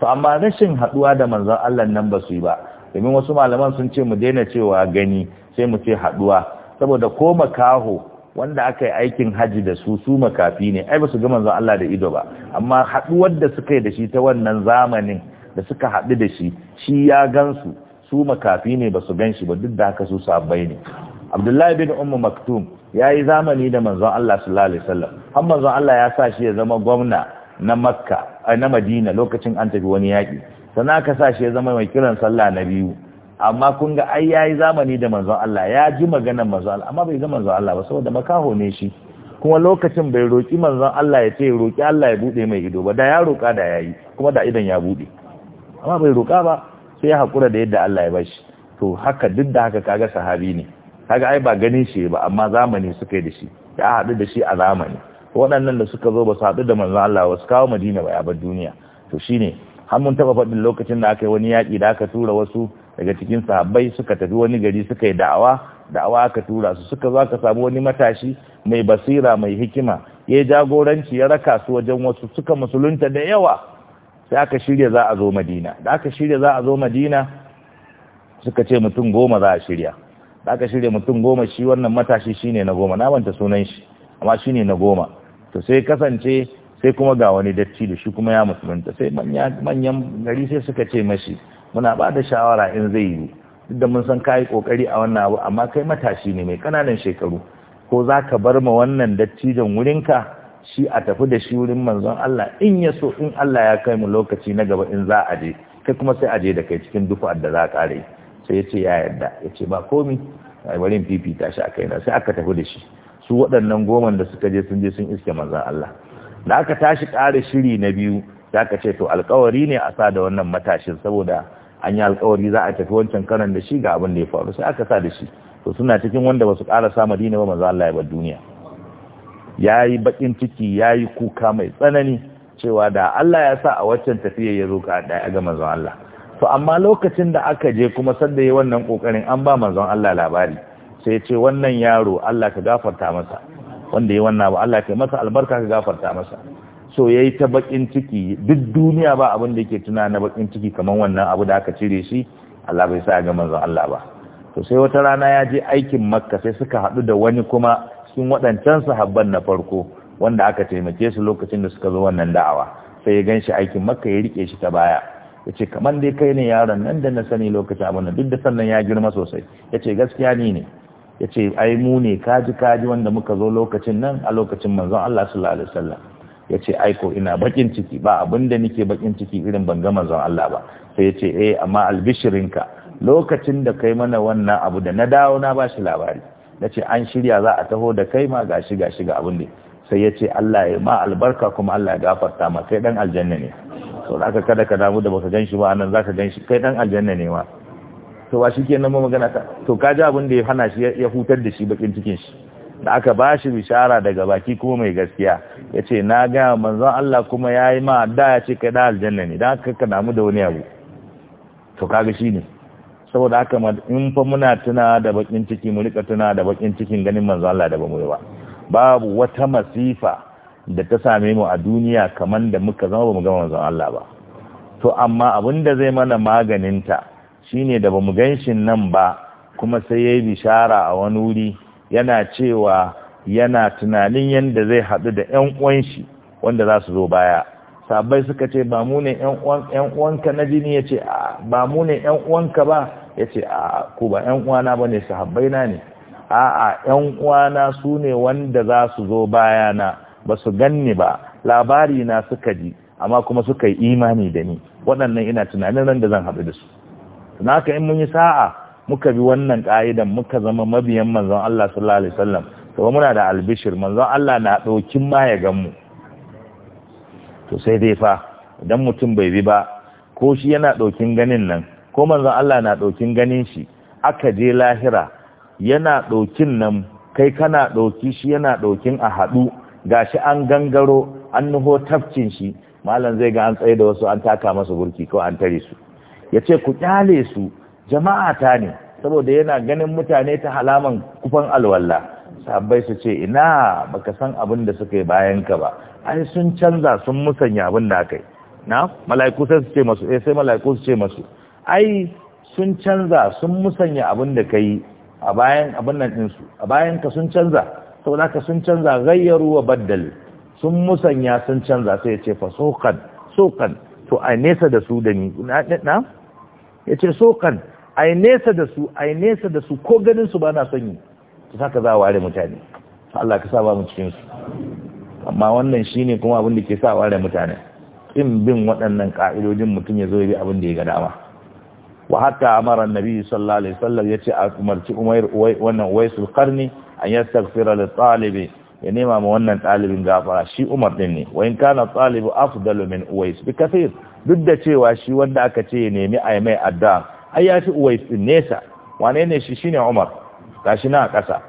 to amma rashin haduwa da manzon Allah nan ba su yi ba domin wasu malaman sun ce mu daina cewa gani sai mu ce haduwa saboda ko makaho wanda aka yi aikin haji da su su makafi ne ai ba su ga manzon Allah da ido ba amma haɗuwar da suka yi da shi ta wannan zamanin da suka haɗu da shi shi ya gansu su makafi ne ba su gan shi ba duk da haka su sabbai ne abdullahi bin ummu maktum ya yi zamani da manzon Allah sallallahu alaihi wasallam har manzon Allah ya sa shi ya zama gwamna na makka eh, na madina lokacin an tafi wani yaki, sannan aka sa shi ya zama mai kiran sallah na biyu amma kun ga ai yayi zamani da manzon Allah ya ji maganar manzon Allah amma bai ga manzon Allah ba saboda makaho ne shi kuma lokacin bai roki manzon Allah ya ce roki Allah ya bude mai ido ba da ya roka da yayi kuma da idan ya bude amma bai roka ba sai ya hakura da yadda Allah ya bashi to haka duk da haka kaga sahabi ne kaga ai ba ganin shi ba amma zamani suka yi da shi ya haɗu da shi a zamani waɗannan da suka zo ba su haɗu da manzon Allah ba su kawo Madina ba ya bar duniya to shine har mun taba faɗin lokacin da aka yi wani yaƙi da aka tura wasu daga cikin sahabbai suka tafi wani gari suka yi da'awa da'awa aka tura su suka zo aka samu wani matashi mai basira mai hikima ya jagoranci ya raka su wajen wasu suka musulunta da yawa sai aka shirya za a zo madina da aka shirya za a zo madina suka ce mutum goma za a shirya da aka shirya mutum goma shi wannan matashi shine na goma na wanta sunan shi amma shine na goma to sai kasance sai kuma ga wani datti da shi kuma ya musulunta sai manyan gari sai suka ce mashi muna ba da shawara in zai yi duk da mun san kayi kokari a wannan abu amma kai matashi ne mai kananan shekaru ko za ka bar ma wannan dattijan wurinka shi a tafi da shi wurin manzon Allah in ya so in Allah ya kai mu lokaci na gaba in za a je kai kuma sai a je da kai cikin dufa da za ka rai sai ya ce ya yarda ya ce ba komi ai bari fifita shi a kaina sai aka tafi da shi su waɗannan goman da suka je sun je sun iske manzon Allah da aka tashi ƙara shiri na biyu za ka ce to alƙawari ne a sa da wannan matashin saboda an yi alkawari za a tafi wancan karan da shi ga abin da ya faru sai aka sa da shi to suna cikin wanda basu ƙara sa madina ba manzo Allah ya bar duniya yayi bakin ciki yayi kuka mai tsanani cewa da Allah ya sa a waccan tafiya ya zo ka da ga manzo Allah to amma lokacin da aka je kuma sanda yayi wannan kokarin an ba manzon Allah labari sai ya ce wannan yaro Allah ka gafarta masa wanda yayi wannan ba Allah ka masa albarka ka gafarta masa so yayi ta bakin ciki duk duniya ba abin da yake tuna na bakin ciki kamar wannan abu da aka cire shi Allah bai sa ga manzon Allah ba to sai wata rana ya je aikin Makka sai suka hadu da wani kuma cikin waɗancan sahabban na farko wanda aka taimake su lokacin da suka zo wannan da'awa sai ya ganshi aikin Makka ya rike shi ta baya yace kamar dai kai ne yaron nan da na sani lokacin abin duk da sannan ya girma sosai yace gaskiya ni ne yace ai mu ne kaji kaji wanda muka zo lokacin nan a lokacin manzon Allah sallallahu alaihi wasallam ya ce aiko ina bakin ciki ba abinda nike bakin ciki irin ban gama zan Allah ba sai ya ce eh amma albishirinka lokacin da kai mana wannan abu da na dawo na bashi labari na ce an shirya za a taho da kai ma ga shiga shiga abin da sai ya ce Allah ya ma albarka kuma Allah ya gafarta ma kai dan aljanna ne to da aka kada ka damu da baka ganshi ba anan zaka ganshi kai dan aljanna ne ma to ba kenan ma magana ta to kaji abin da ya hana shi ya hutar da shi bakin cikin shi da aka ba shi bishara daga baki kuma mai gaskiya ya ce na gaya manzon Allah kuma ya yi ma da ya ce ka da aljanna ne don haka ka damu da wani abu to kaga shi ne saboda haka in fa muna tuna da bakin ciki mu rika tuna da bakin cikin ganin manzon Allah da bamu yi ba babu wata masifa da ta same mu a duniya kamar da muka zama bamu gama manzon Allah ba to amma abin da zai mana maganinta shine da bamu ganshin nan ba kuma sai yayi bishara a wani wuri yana cewa yana tunanin yadda zai haɗu da ‘yan uwan shi wanda za su zo baya sabai suka ce ba mu ne ‘yan uwanka na jini ya ce ba mu ne ‘yan uwanka ba ya ce a ku ba ‘yan uwana ba ne sahabbai na ne a'a ‘yan uwana su ne wanda za su zo baya na ba su ganni ba labari na suka ji amma kuma suka yi imani da ni waɗannan ina tunanin nan da zan haɗu da su ka in mun yi sa'a muka bi wannan ka'idan muka zama mabiyan manzon Allah sallallahu alaihi wasallam to muna da albishir manzon Allah na daukin ma ya to sai dai fa idan mutum bai bi ba ko shi yana daukin ganin nan ko manzon Allah na ɗaukin ganin shi aka je lahira yana daukin nan kai kana ɗauki shi yana ɗaukin a haɗu gashi an gangaro an nuho tafkin shi malam zai ga an tsaye da wasu an taka masa burki ko an tare su ya ce ku kyale su jama'a ta ne saboda yana ganin mutane ta halaman kufan alwala sahabbai su ce ina baka san abin da suka yi bayan ka ba ai sun canza sun musanya abin da aka yi na mala'iku sai su ce masu eh sai mala'iku su ce masu ai sun canza sun musanya abin da kai a bayan abin nan din su a bayan ka sun canza saboda ka sun canza gayyaru wa baddal sun musanya sun canza sai ya ce fa sokan sokan to a nesa da su da ni na yace sokan ai nesa da su ai nesa da su ko ganin su ba na son yi to saka za a ware mutane Allah ka sa mu cikin su amma wannan shine kuma abin da ke sa ware mutane in bin waɗannan ka'idojin mutum ya zo ya bi abin da ya ga dama wa hatta amara annabi sallallahu alaihi wasallam yace a umarci umair wannan waisul qarni an yastaghfira li talibi ya nema ma wannan ɗalibin gafara shi umar din ne wa in kana talibu afdalu min uwais bi kathir duk da cewa shi wanda aka ce ya nemi ayi mai addu'a. ai ya fi uwais ɗin nesa wane ne shi shine umar gashi na ƙasa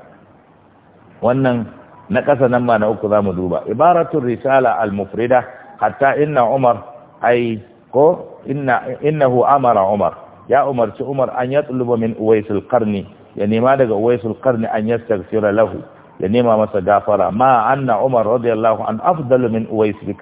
wannan na ƙasa nan ma na uku za mu duba ibaratun risala al mufrida hatta inna umar ai ko innahu amara umar ya umarci umar an yatluba min uwais karni ya nema daga uwais al qarni an yastaghfira lahu ya nema masa gafara ma anna umar radiyallahu an afdalu min uwai bi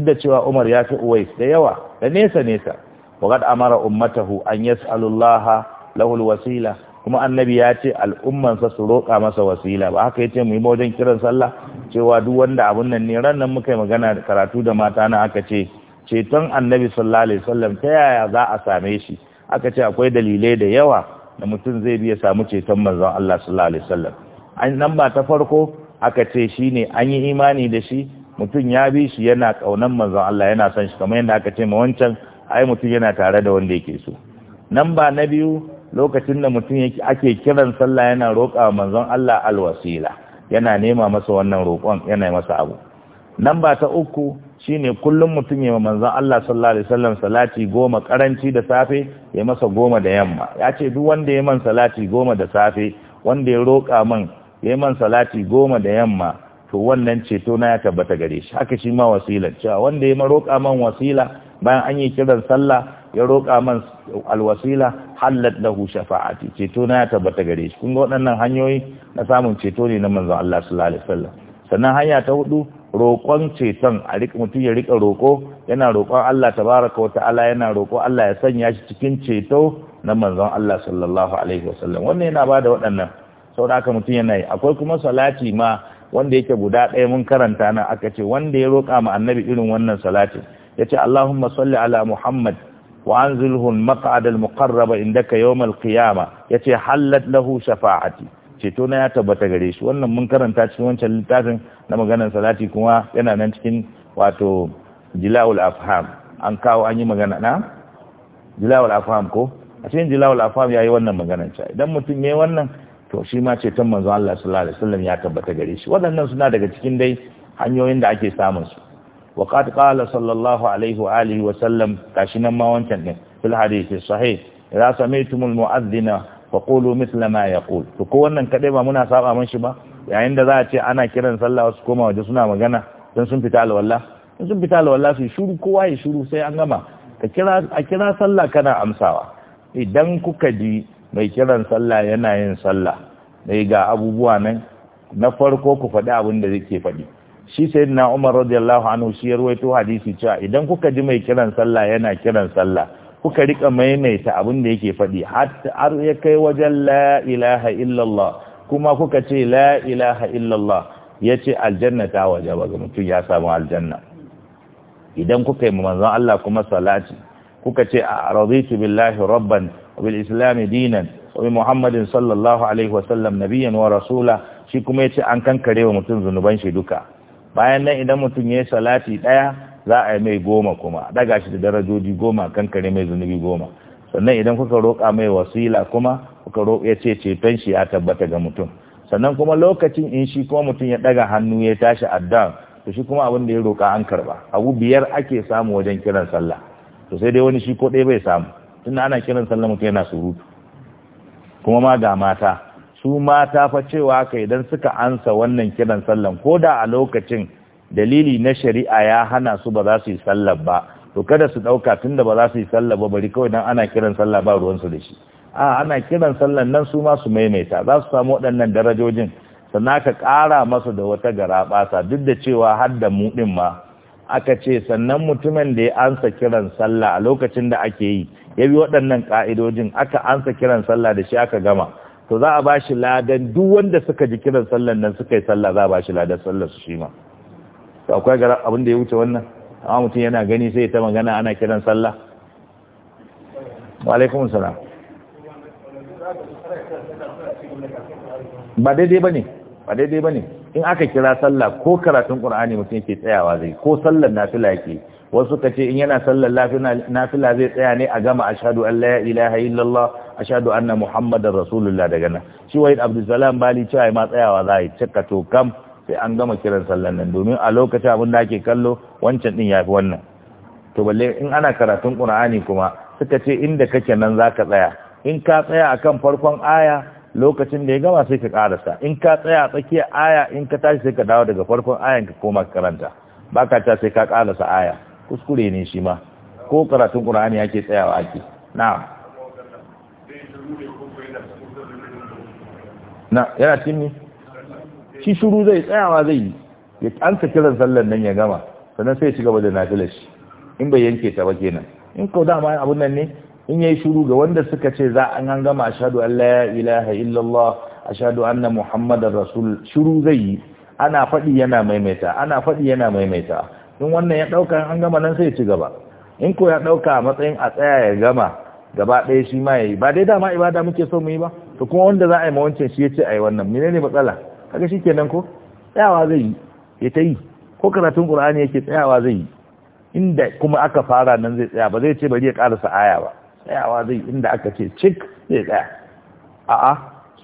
duk da cewa umar ya fi uwais da yawa da nesa nesa wa qad amara ummatahu an yas'alullaha lahul wasila kuma annabi ya ce al'ummansa su roƙa masa wasila ba haka yace mu yi wajen kiran sallah cewa duk wanda abun nan ne ran nan muka yi magana karatu da mata na aka ce ceton annabi sallallahu alaihi wasallam ta yaya za a same shi aka ce akwai dalilai da yawa da mutum zai biya samu ceton manzon Allah sallallahu alaihi wasallam an nan ba ta farko aka ce shine an yi imani da shi mutum ya bi shi yana kaunan manzon Allah yana son shi kamar yadda aka ce ma wancan ai mutum yana tare da wanda yake so nan ba na biyu lokacin da mutum yake ake kiran sallah yana roƙa manzon Allah alwasila yana nema masa wannan roƙon yana masa abu nan ba ta uku shine kullum mutum ya manzon Allah sallallahu alaihi wasallam salati goma karanci da safe ya masa goma da yamma ya ce duk wanda ya man salati goma da safe wanda ya roƙa man man salati goma da yamma to wannan ceto na ya tabbata gare shi haka shi ma wasila cewa wanda ya roƙa man wasila bayan an yi kiran sallah ya roƙa man alwasila hallat lahu shafa'ati ceto na ya tabbata gare shi kun ga waɗannan hanyoyi na samun ceto ne na manzon Allah sallallahu alaihi wasallam sannan hanya ta hudu roƙon ceton a rika mutum ya rika roƙo yana roƙon Allah baraka wata ala yana roƙo Allah ya sanya shi cikin ceto na manzon Allah sallallahu alaihi wasallam wannan yana bada waɗannan saboda haka mutum yana yi akwai kuma salati ma wanda yake guda ɗaya mun karanta nan aka ce wanda ya roƙa ma annabi irin wannan salatin yace Allahumma salli ala Muhammad wa an zulhun maqad al-muqarrab indaka yawm al-qiyamah yace hallat lahu shafa'ati ceto na ya tabbata gare shi wannan mun karanta cikin wancan littafin na maganar salati kuma yana nan cikin wato jila'ul afham an kawo an yi magana na jila'ul afham ko a cikin jila'ul afham ya yi wannan maganar ta idan mutum ya yi wannan to shi ma ceton manzo Allah sallallahu alaihi wasallam ya tabbata gare shi waɗannan suna daga cikin dai hanyoyin da ake samun su wa qad sallallahu alaihi wa alihi wa sallam kashi nan ma wancan ne fil hadith sahih idza sami'tumul mu'adhdhina faqulu mithla ma yaqul to ko wannan kadai ba muna saba man shi ba yayin da za a ce ana kiran sallah wasu koma waje suna magana dan sun fita alwala in sun fita alwala su shuru kowa ya shuru sai an gama ka kira a kira sallah kana amsawa idan kuka ji mai kiran sallah yana yin sallah dai ga abubuwa nan na farko ku faɗi abin da zai faɗi shi na Umar radiyallahu anhu shi ya ruwaito hadisi cewa idan kuka ji mai kiran sallah yana kiran sallah kuka rika maimaita abin da yake faɗi har ya kai wajen la ilaha illallah kuma kuka ce la ilaha illallah ya ce aljanna ta waje ba ga mutum ya samu aljanna idan kuka yi manzon Allah kuma salati kuka ce a raditu billahi rabban bil islam dinan wa bi muhammadin sallallahu alaihi wa sallam nabiyyan wa rasula shi kuma ya ce an kankare wa mutum zunuban shi duka bayan nan idan mutum ya yi salati ɗaya za a yi mai goma kuma daga shi da darajoji goma kankare mai zunubi goma sannan idan kuka roƙa mai wasila kuma kuka roƙa ya ce ceton shi ya tabbata ga mutum sannan kuma lokacin in shi kuma mutum ya ɗaga hannu ya tashi addan to shi kuma abin da ya roƙa an karba abu biyar ake samu wajen kiran sallah to sai dai wani shi ko ɗaya bai samu tunda ana kiran sallah mutum yana surutu kuma ma ga mata su mata fa cewa ka idan suka ansa wannan kiran sallan ko da a lokacin dalili na shari'a ya hana su ba za su yi sallar ba to kada su ɗauka tunda ba za su yi sallar ba bari kawai dan ana kiran sallah ba su da shi a ana kiran sallan nan su ma su maimaita za su samu waɗannan darajojin sannan ka ƙara masa da wata garaɓasa duk da cewa har da mu din ma aka ce sannan mutumin da ya ansa kiran sallah a lokacin da ake yi ya bi waɗannan ka'idojin aka ansa kiran sallah da shi aka gama to za a ba shi ladan duk wanda suka ji kiran sallan nan suka yi sallah za a ba shi ladan sallar su shi ma to akwai gara abin da ya wuce wannan amma mutum yana gani sai ta magana ana kiran sallah wa alaikum salam ba daidai bane ba daidai bane in aka kira sallah ko karatun qur'ani mutum yake tsayawa zai ko sallar nafila yake wasu ka ce in yana sallar nafila zai tsaya ne a gama ashadu an la ilaha illallah ashadu anna muhammadar rasulullah daga nan shi wahid abdulsalam bali cewa ma tsayawa za a yi cika to kam sai an gama kiran sallar nan domin a lokacin abin da ake kallo wancan din yafi wannan to balle in ana karatun qur'ani kuma suka ce inda kake nan zaka tsaya in ka tsaya akan farkon aya lokacin da ya gama sai ka karasa in ka tsaya a tsakiyar aya in ka tashi sai ka dawo daga farkon ayan ka koma karanta baka ta sai ka karasa aya kuskure ne shi ma ko karatun qur'ani yake tsayawa ake na'am na yana cikin shi shuru zai tsayawa zai yi ya ansa kiran sallar nan ya gama sannan sai ya ci gaba da nafilar shi in bai yanke ta ba kenan in ko dama abun nan ne in yayi shuru ga wanda suka ce za an an gama ashhadu an la ilaha illallah ashhadu anna muhammadar rasul shuru zai yi ana faɗi yana maimaita ana faɗi yana maimaita in wannan ya ɗauka an gama nan sai ci gaba in ko ya ɗauka a matsayin a tsaya ya gama gaba ɗaya shi ma ya yi ba dai dama ibada muke so mu yi ba to kuma wanda za a yi ma shi ya ce a yi wannan mene ne matsala kaga shi kenan ko tsayawa zai yi ya ta yi ko karatun ƙur'ani yake tsayawa zai yi inda kuma aka fara nan zai tsaya ba zai ce bari ya ƙarasa aya ba tsayawa zai inda aka ce cik zai tsaya a'a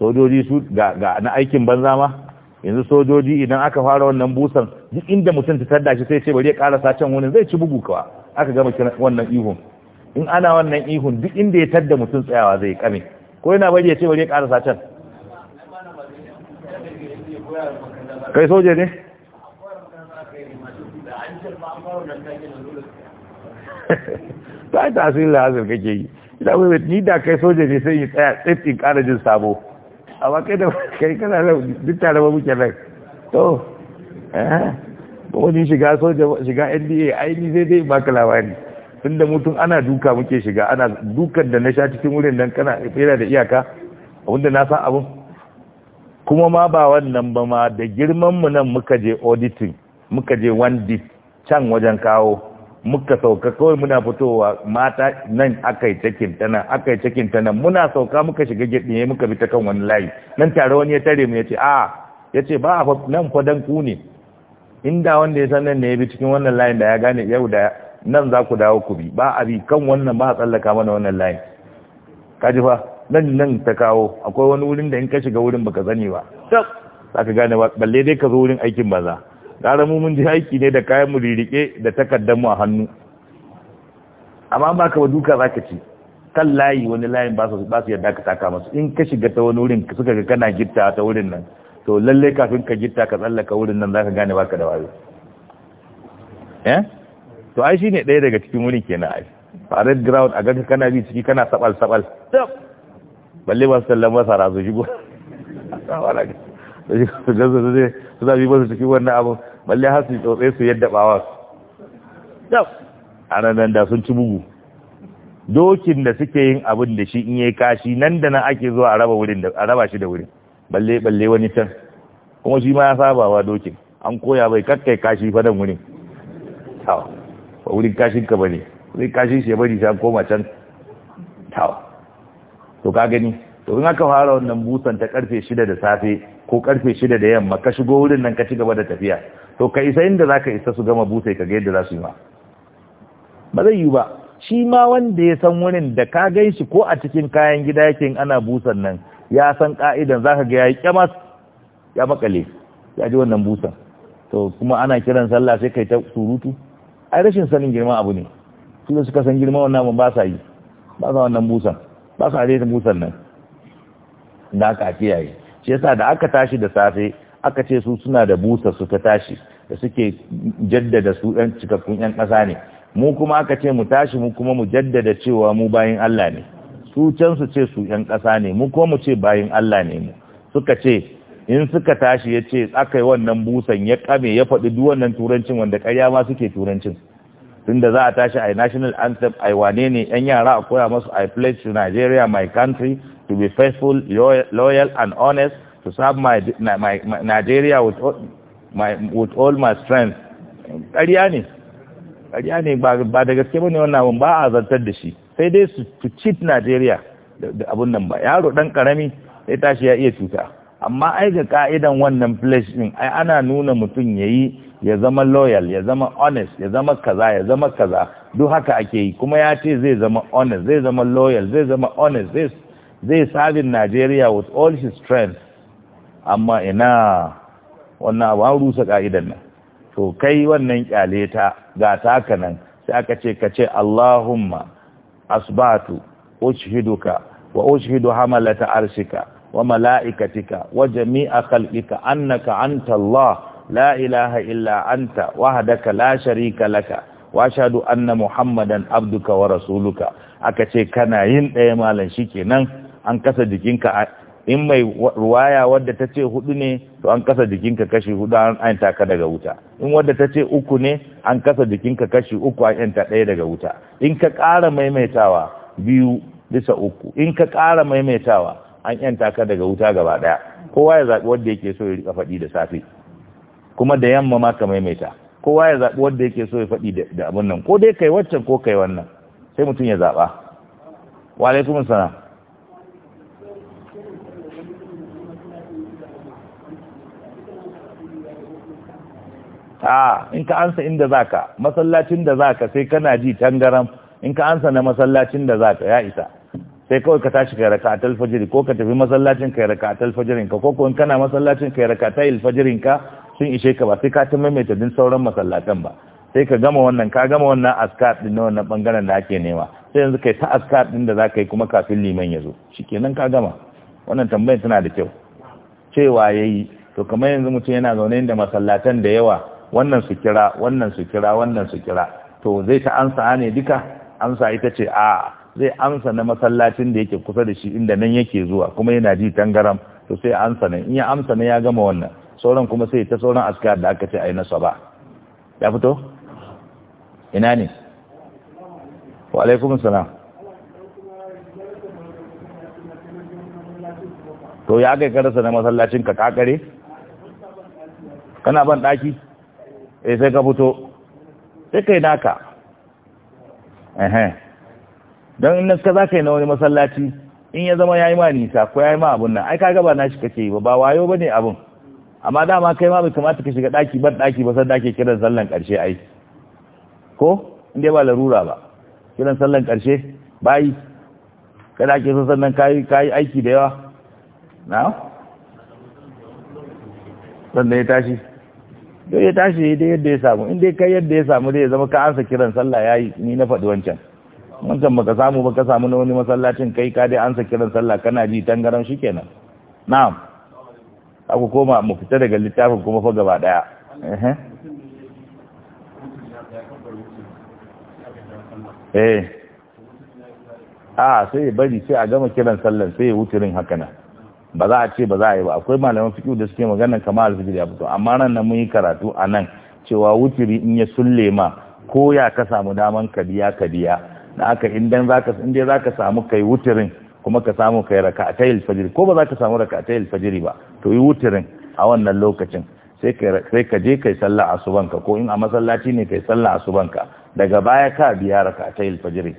sojoji su ga na aikin banza ma yanzu sojoji idan aka fara wannan busan duk inda mutum ta tadda shi sai ce bari ya karasa can wani zai ci bugu kawa aka gama wannan ihun in ana wannan ihun duk inda ya tadda mutum tsayawa zai kame ko yana bari ya ce bari ya karasa can kai soje ne ta yi tasirin lahazin kake yi ni da kai soje ne sai yi tsaya tsifin karajin sabo Awa kai da kai kana da duk tare ba muke nan to eh wani shiga soja shiga NDA ai ni zai dai baka labari tunda mutum ana duka muke shiga ana dukan da na sha cikin wurin nan kana fera da iyaka wanda na san abun kuma ma ba wannan ba ma da girman mu nan muka je auditing muka je one deep can wajen kawo muka sauka kawai muna fitowa mata nan aka yi cikin tana aka yi cikin tana muna sauka muka shiga gidi ne muka bi ta kan wani layi nan tare wani ya tare mu ya ce a yace ce ba a nan fadan ku ne inda wanda ya san nan ne ya bi cikin wannan layin da ya gane yau da nan za ku dawo ku bi ba a bi kan wannan ba a tsallaka mana wannan layin kaji fa nan nan ta kawo akwai wani wurin da in ka shiga wurin baka sani ba za ka gane ba balle dai ka zo wurin aikin banza gara mu mun ji aiki ne da kayan mu ririke da takardar mu a hannu amma ba ka duka za ka ci kan layi wani layin ba su ba su yadda ka taka masu in ka shiga ta wani wurin suka ga kana gitta ta wurin nan to lalle kafin ka gitta ka tsallaka wurin nan za ka gane baka da wayo eh to ai shine ɗaya daga cikin wurin kenan ai parade ground a ganka kana bi ciki kana sabal sabal balle ba su sallan ba sara su shigo su da zabi ba su cikin wannan abu balle har su tsotse su yadda bawa yau a nan da sun ci bugu dokin da suke yin abin da shi in yi kashi nan da nan ake zuwa a raba wurin a raba shi da wurin balle balle wani can kuma shi ma ya sabawa dokin an koya bai kakkai kashi fa nan wurin tawa ba wurin kashin ka bane sai kashin shi bari sai koma can tawa to ka gani to in aka fara wannan busan ta karfe 6 da safe ko karfe 6 da yamma ka shigo wurin nan ka ci gaba da tafiya to ka isa inda za ka isa su gama busai ka ga yadda za su yi ma ba zai yi ba shi ma wanda ya san wurin da ka gan shi ko a cikin kayan gida yake ana busan nan ya san ka'idan za ka ga ya yi kyamas ya makale ya ji wannan busan to kuma ana kiran sallah sai kai ta surutu ai rashin sanin girma abu ne su da suka san girma wannan ba sa yi ba sa wannan busan ba sa daidaita busan nan da aka kiyaye shi yasa da aka tashi da safe aka ce su suna da busa su ta tashi da suke jaddada su ɗan cikakkun ƴan ƙasa ne mu kuma aka ce mu tashi mu kuma mu jaddada cewa mu bayin Allah ne su can su ce su ƴan ƙasa ne mu kuma mu ce bayin Allah ne mu suka ce in suka tashi ya ce aka yi wannan busan ya kame ya faɗi duk wannan turancin wanda ƙarya ma suke turancin tunda za a tashi a national anthem a wane ne yan yara a koya masu i pledge to nigeria my country to be faithful loyal and honest to serve my, my, my Nigeria with all my, with all my strength ƙarya ne ƙarya ne ba da gaske bane wannan abun ba a zartar da shi sai dai su to cheat Nigeria da abun nan ba yaro dan karami sai tashi ya iya cuta amma ai ga ka'idan wannan flash din ai ana nuna mutum yayi ya zama loyal ya zama honest ya zama kaza ya zama kaza duk haka ake yi kuma ya ce zai zama honest zai zama loyal zai zama honest zai zai sabin Nigeria with all his strength amma ina wannan abu an rusa ka'idan nan to kai wannan kyale ta ga taka nan sai aka ce ka ce Allahumma asbatu ushhiduka wa ushhidu hamalata arshika wa malaikatika wa jami'a khalqika annaka anta Allah la ilaha illa anta wahdaka la sharika laka wa ashhadu anna muhammadan abduka wa rasuluka aka ce kana yin ɗaya malam shikenan an kasa jikinka in mai ruwaya wadda ta ce hudu ne to an kasa jikinka kashi hudu an yanta ka daga wuta in wadda ta ce uku ne an kasa jikinka kashi uku an yanta ɗaya daga wuta in ka ƙara maimaitawa biyu bisa uku in ka ƙara maimaitawa an yanta ka daga wuta gaba ɗaya kowa ya zaɓi wanda yake so ya riƙa faɗi da safe kuma da yamma ma ka maimaita kowa ya zaɓi wanda yake so ya faɗi da abin nan ko dai kai waccan ko kai wannan sai mutum ya zaɓa wa alaikumus salam a in ka ansa inda zaka masallacin da zaka sai kana ji tangaram in ka ansa na masallacin da zaka ya isa sai kawai ka tashi kai raka'a ta alfajiri ko ka tafi masallacin kai raka'a ta alfajirin ka ko ko kana masallacin kai raka'a ta alfajirin ka sun ishe ka ba sai ka tun maimaita din sauran masallatan ba sai ka gama wannan ka gama wannan askar din na wannan bangaren da ake nema sai yanzu kai ta askar din da zaka yi kuma kafin liman ya zo shikenan ka gama wannan tambayar tana da kyau cewa yayi to kamar yanzu mutum yana zaune da masallatan da yawa wannan su kira wannan su kira wannan su kira to zai ta ansa ne duka ansa ita ce a zai amsa na masallacin da yake kusa da shi inda nan yake zuwa kuma yana ji tangaram to sai amsa ne. in ya amsa ne ya gama wannan sauran kuma sai ta sauran askar da aka ce ai na saba ya fito ina ne wa alaikum salam to ya kai karasa na masallacin ka kakare kana ban daki eh sai ka fito sai kai naka ehem don in naska za ka yi na wani masallaci in ya zama ya yi ma nisa ko ya yi ma abin nan ai ka gaba na shi kake yi ba wayo ba ne abin amma dama kai ma bai kamata ka shiga ɗaki ban ɗaki ba sanda ke kiran sallan ƙarshe ai ko in dai ba larura ba kiran sallan ƙarshe bayi kada ake so sannan kayi kayi aiki da yawa na sannan ya tashi don ya tashi dai yadda ya samu in dai kai yadda ya samu zai zama ka ansa kiran sallah ya yi ni na faɗi wancan wancan baka samu baka samu na wani masallacin kai ka dai ansa kiran sallah kana ji tangaran kenan na'am aku koma mu fita daga littafin kuma fa gaba daya eh eh ah, a sai bari sai a gama kiran sallan sai ya wuce rin haka nan ba za a ce ba za a yi ba akwai malaman fiqh da suke magana kamar alfijir ya fito amma nan na mun yi karatu a nan cewa wutiri in ya sulle ma ko ya ka samu daman kadiya kadiya da aka indan zaka in dai zaka samu kai wutirin kuma ka samu kai raka'atayil fajr ko ba za ka samu raka'atayil fajr ba to yi wutirin a wannan lokacin sai ka je kai sallah asubanka ko in a masallaci ne kai sallah asubanka daga baya ka biya raka'atayil fajr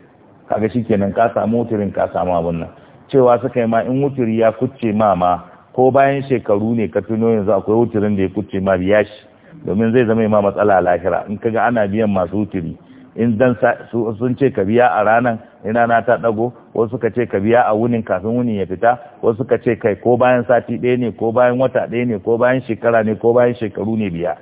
kaga shikenan ka samu wutirin ka samu abun nan cewa suka yi ma in wuturi ya kuce ma ma ko bayan shekaru ne ka tuno yanzu akwai wuturin da ya kuce ma biya shi domin zai zama ma matsala lahira in kaga ana biyan masu wuturi in dan sun ce ka biya a ranan ina na ta dago wasu suka ce ka biya a wunin kafin wunin ya fita wasu suka ce kai ko bayan sati ɗaya ne ko bayan wata ɗaya ne ko bayan shekara ne ko bayan shekaru ne biya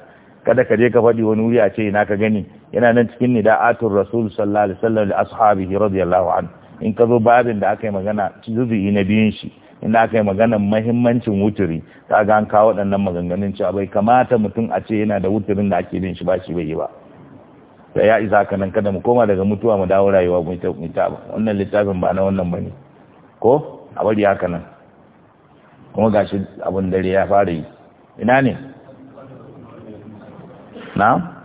kada ka je ka faɗi wani wuri a ce ina ka gani yana nan cikin nida'atul rasul sallallahu alaihi wasallam da ashabihi radiyallahu anhu in ka zo babin da aka yi magana juzu'i na biyun shi inda aka yi magana mahimmancin wuturi ta ga an kawo waɗannan maganganun cewa bai kamata mutum a ce yana da wuturin da ake bin shi ba shi bai yi ba da ya isa ka nan kada mu koma daga mutuwa mu dawo rayuwa mu ta ba wannan littafin ba na wannan bane ko a bari haka nan kuma gashi abin dare ya fara yi ina ne na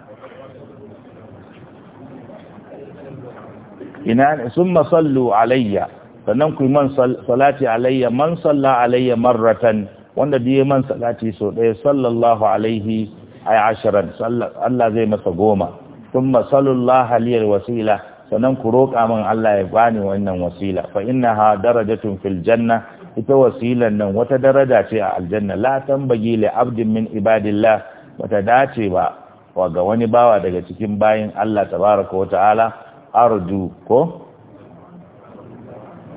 ina ne summa sallu alayya sannan ku man salati alayya man salla alayya marratan wanda biye man salati so ɗaya sallallahu alaihi ay asharan Allah zai masa goma summa sallallahu aliyal wasila sannan ku roka min Allah ya bani wannan wasila fa innaha darajatun fil janna ita wasilan nan wata daraja ce a aljanna la tambagi li abdin min ibadillah bata dace ba wa ga wani bawa daga cikin bayin Allah tabaraka wa ta'ala arju ko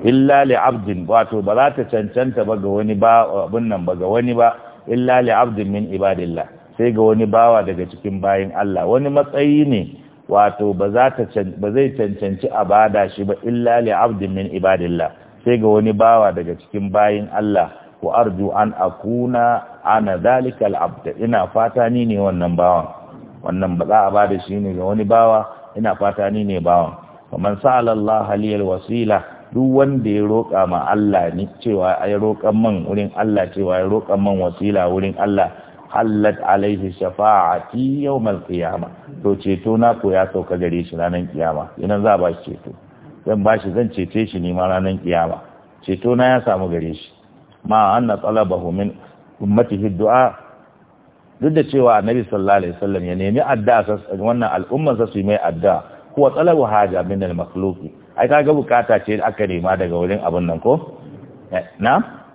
illa li abdin wato ba za ta cancanta ba ga wani ba abun nan ba ga wani ba illa li abdin min ibadillah sai ga wani bawa daga cikin bayin Allah wani matsayi ne wato ba za ta ba zai cancanci a bada shi ba illa li abdin min ibadillah sai ga wani bawa daga cikin bayin Allah wa arju an akuna ana dalikal abd ina fata ni ne wannan bawan wannan ba za a bada shi ne ga wani bawa ina fata ni ne bawan kamar sallallahu alaihi wasila duk wanda ya roƙa ma Allah ni cewa ya roƙan man wurin Allah cewa ya roƙan man wasila wurin Allah hallat alaihi shafa'ati yawmal qiyama to ceto na ko ya sauka gare shi ranar kiyama idan za ba shi ceto zan ba shi zan cece shi ne ma ranar kiyama ceto na ya samu gare shi ma anna talabahu min ummatihi du'a duk da cewa annabi sallallahu alaihi wasallam ya nemi adda wannan al'umma sa su yi mai adda ko talabu haja min al-makhluq ai kaga bukata ce aka nema daga wurin abun nan ko eh, na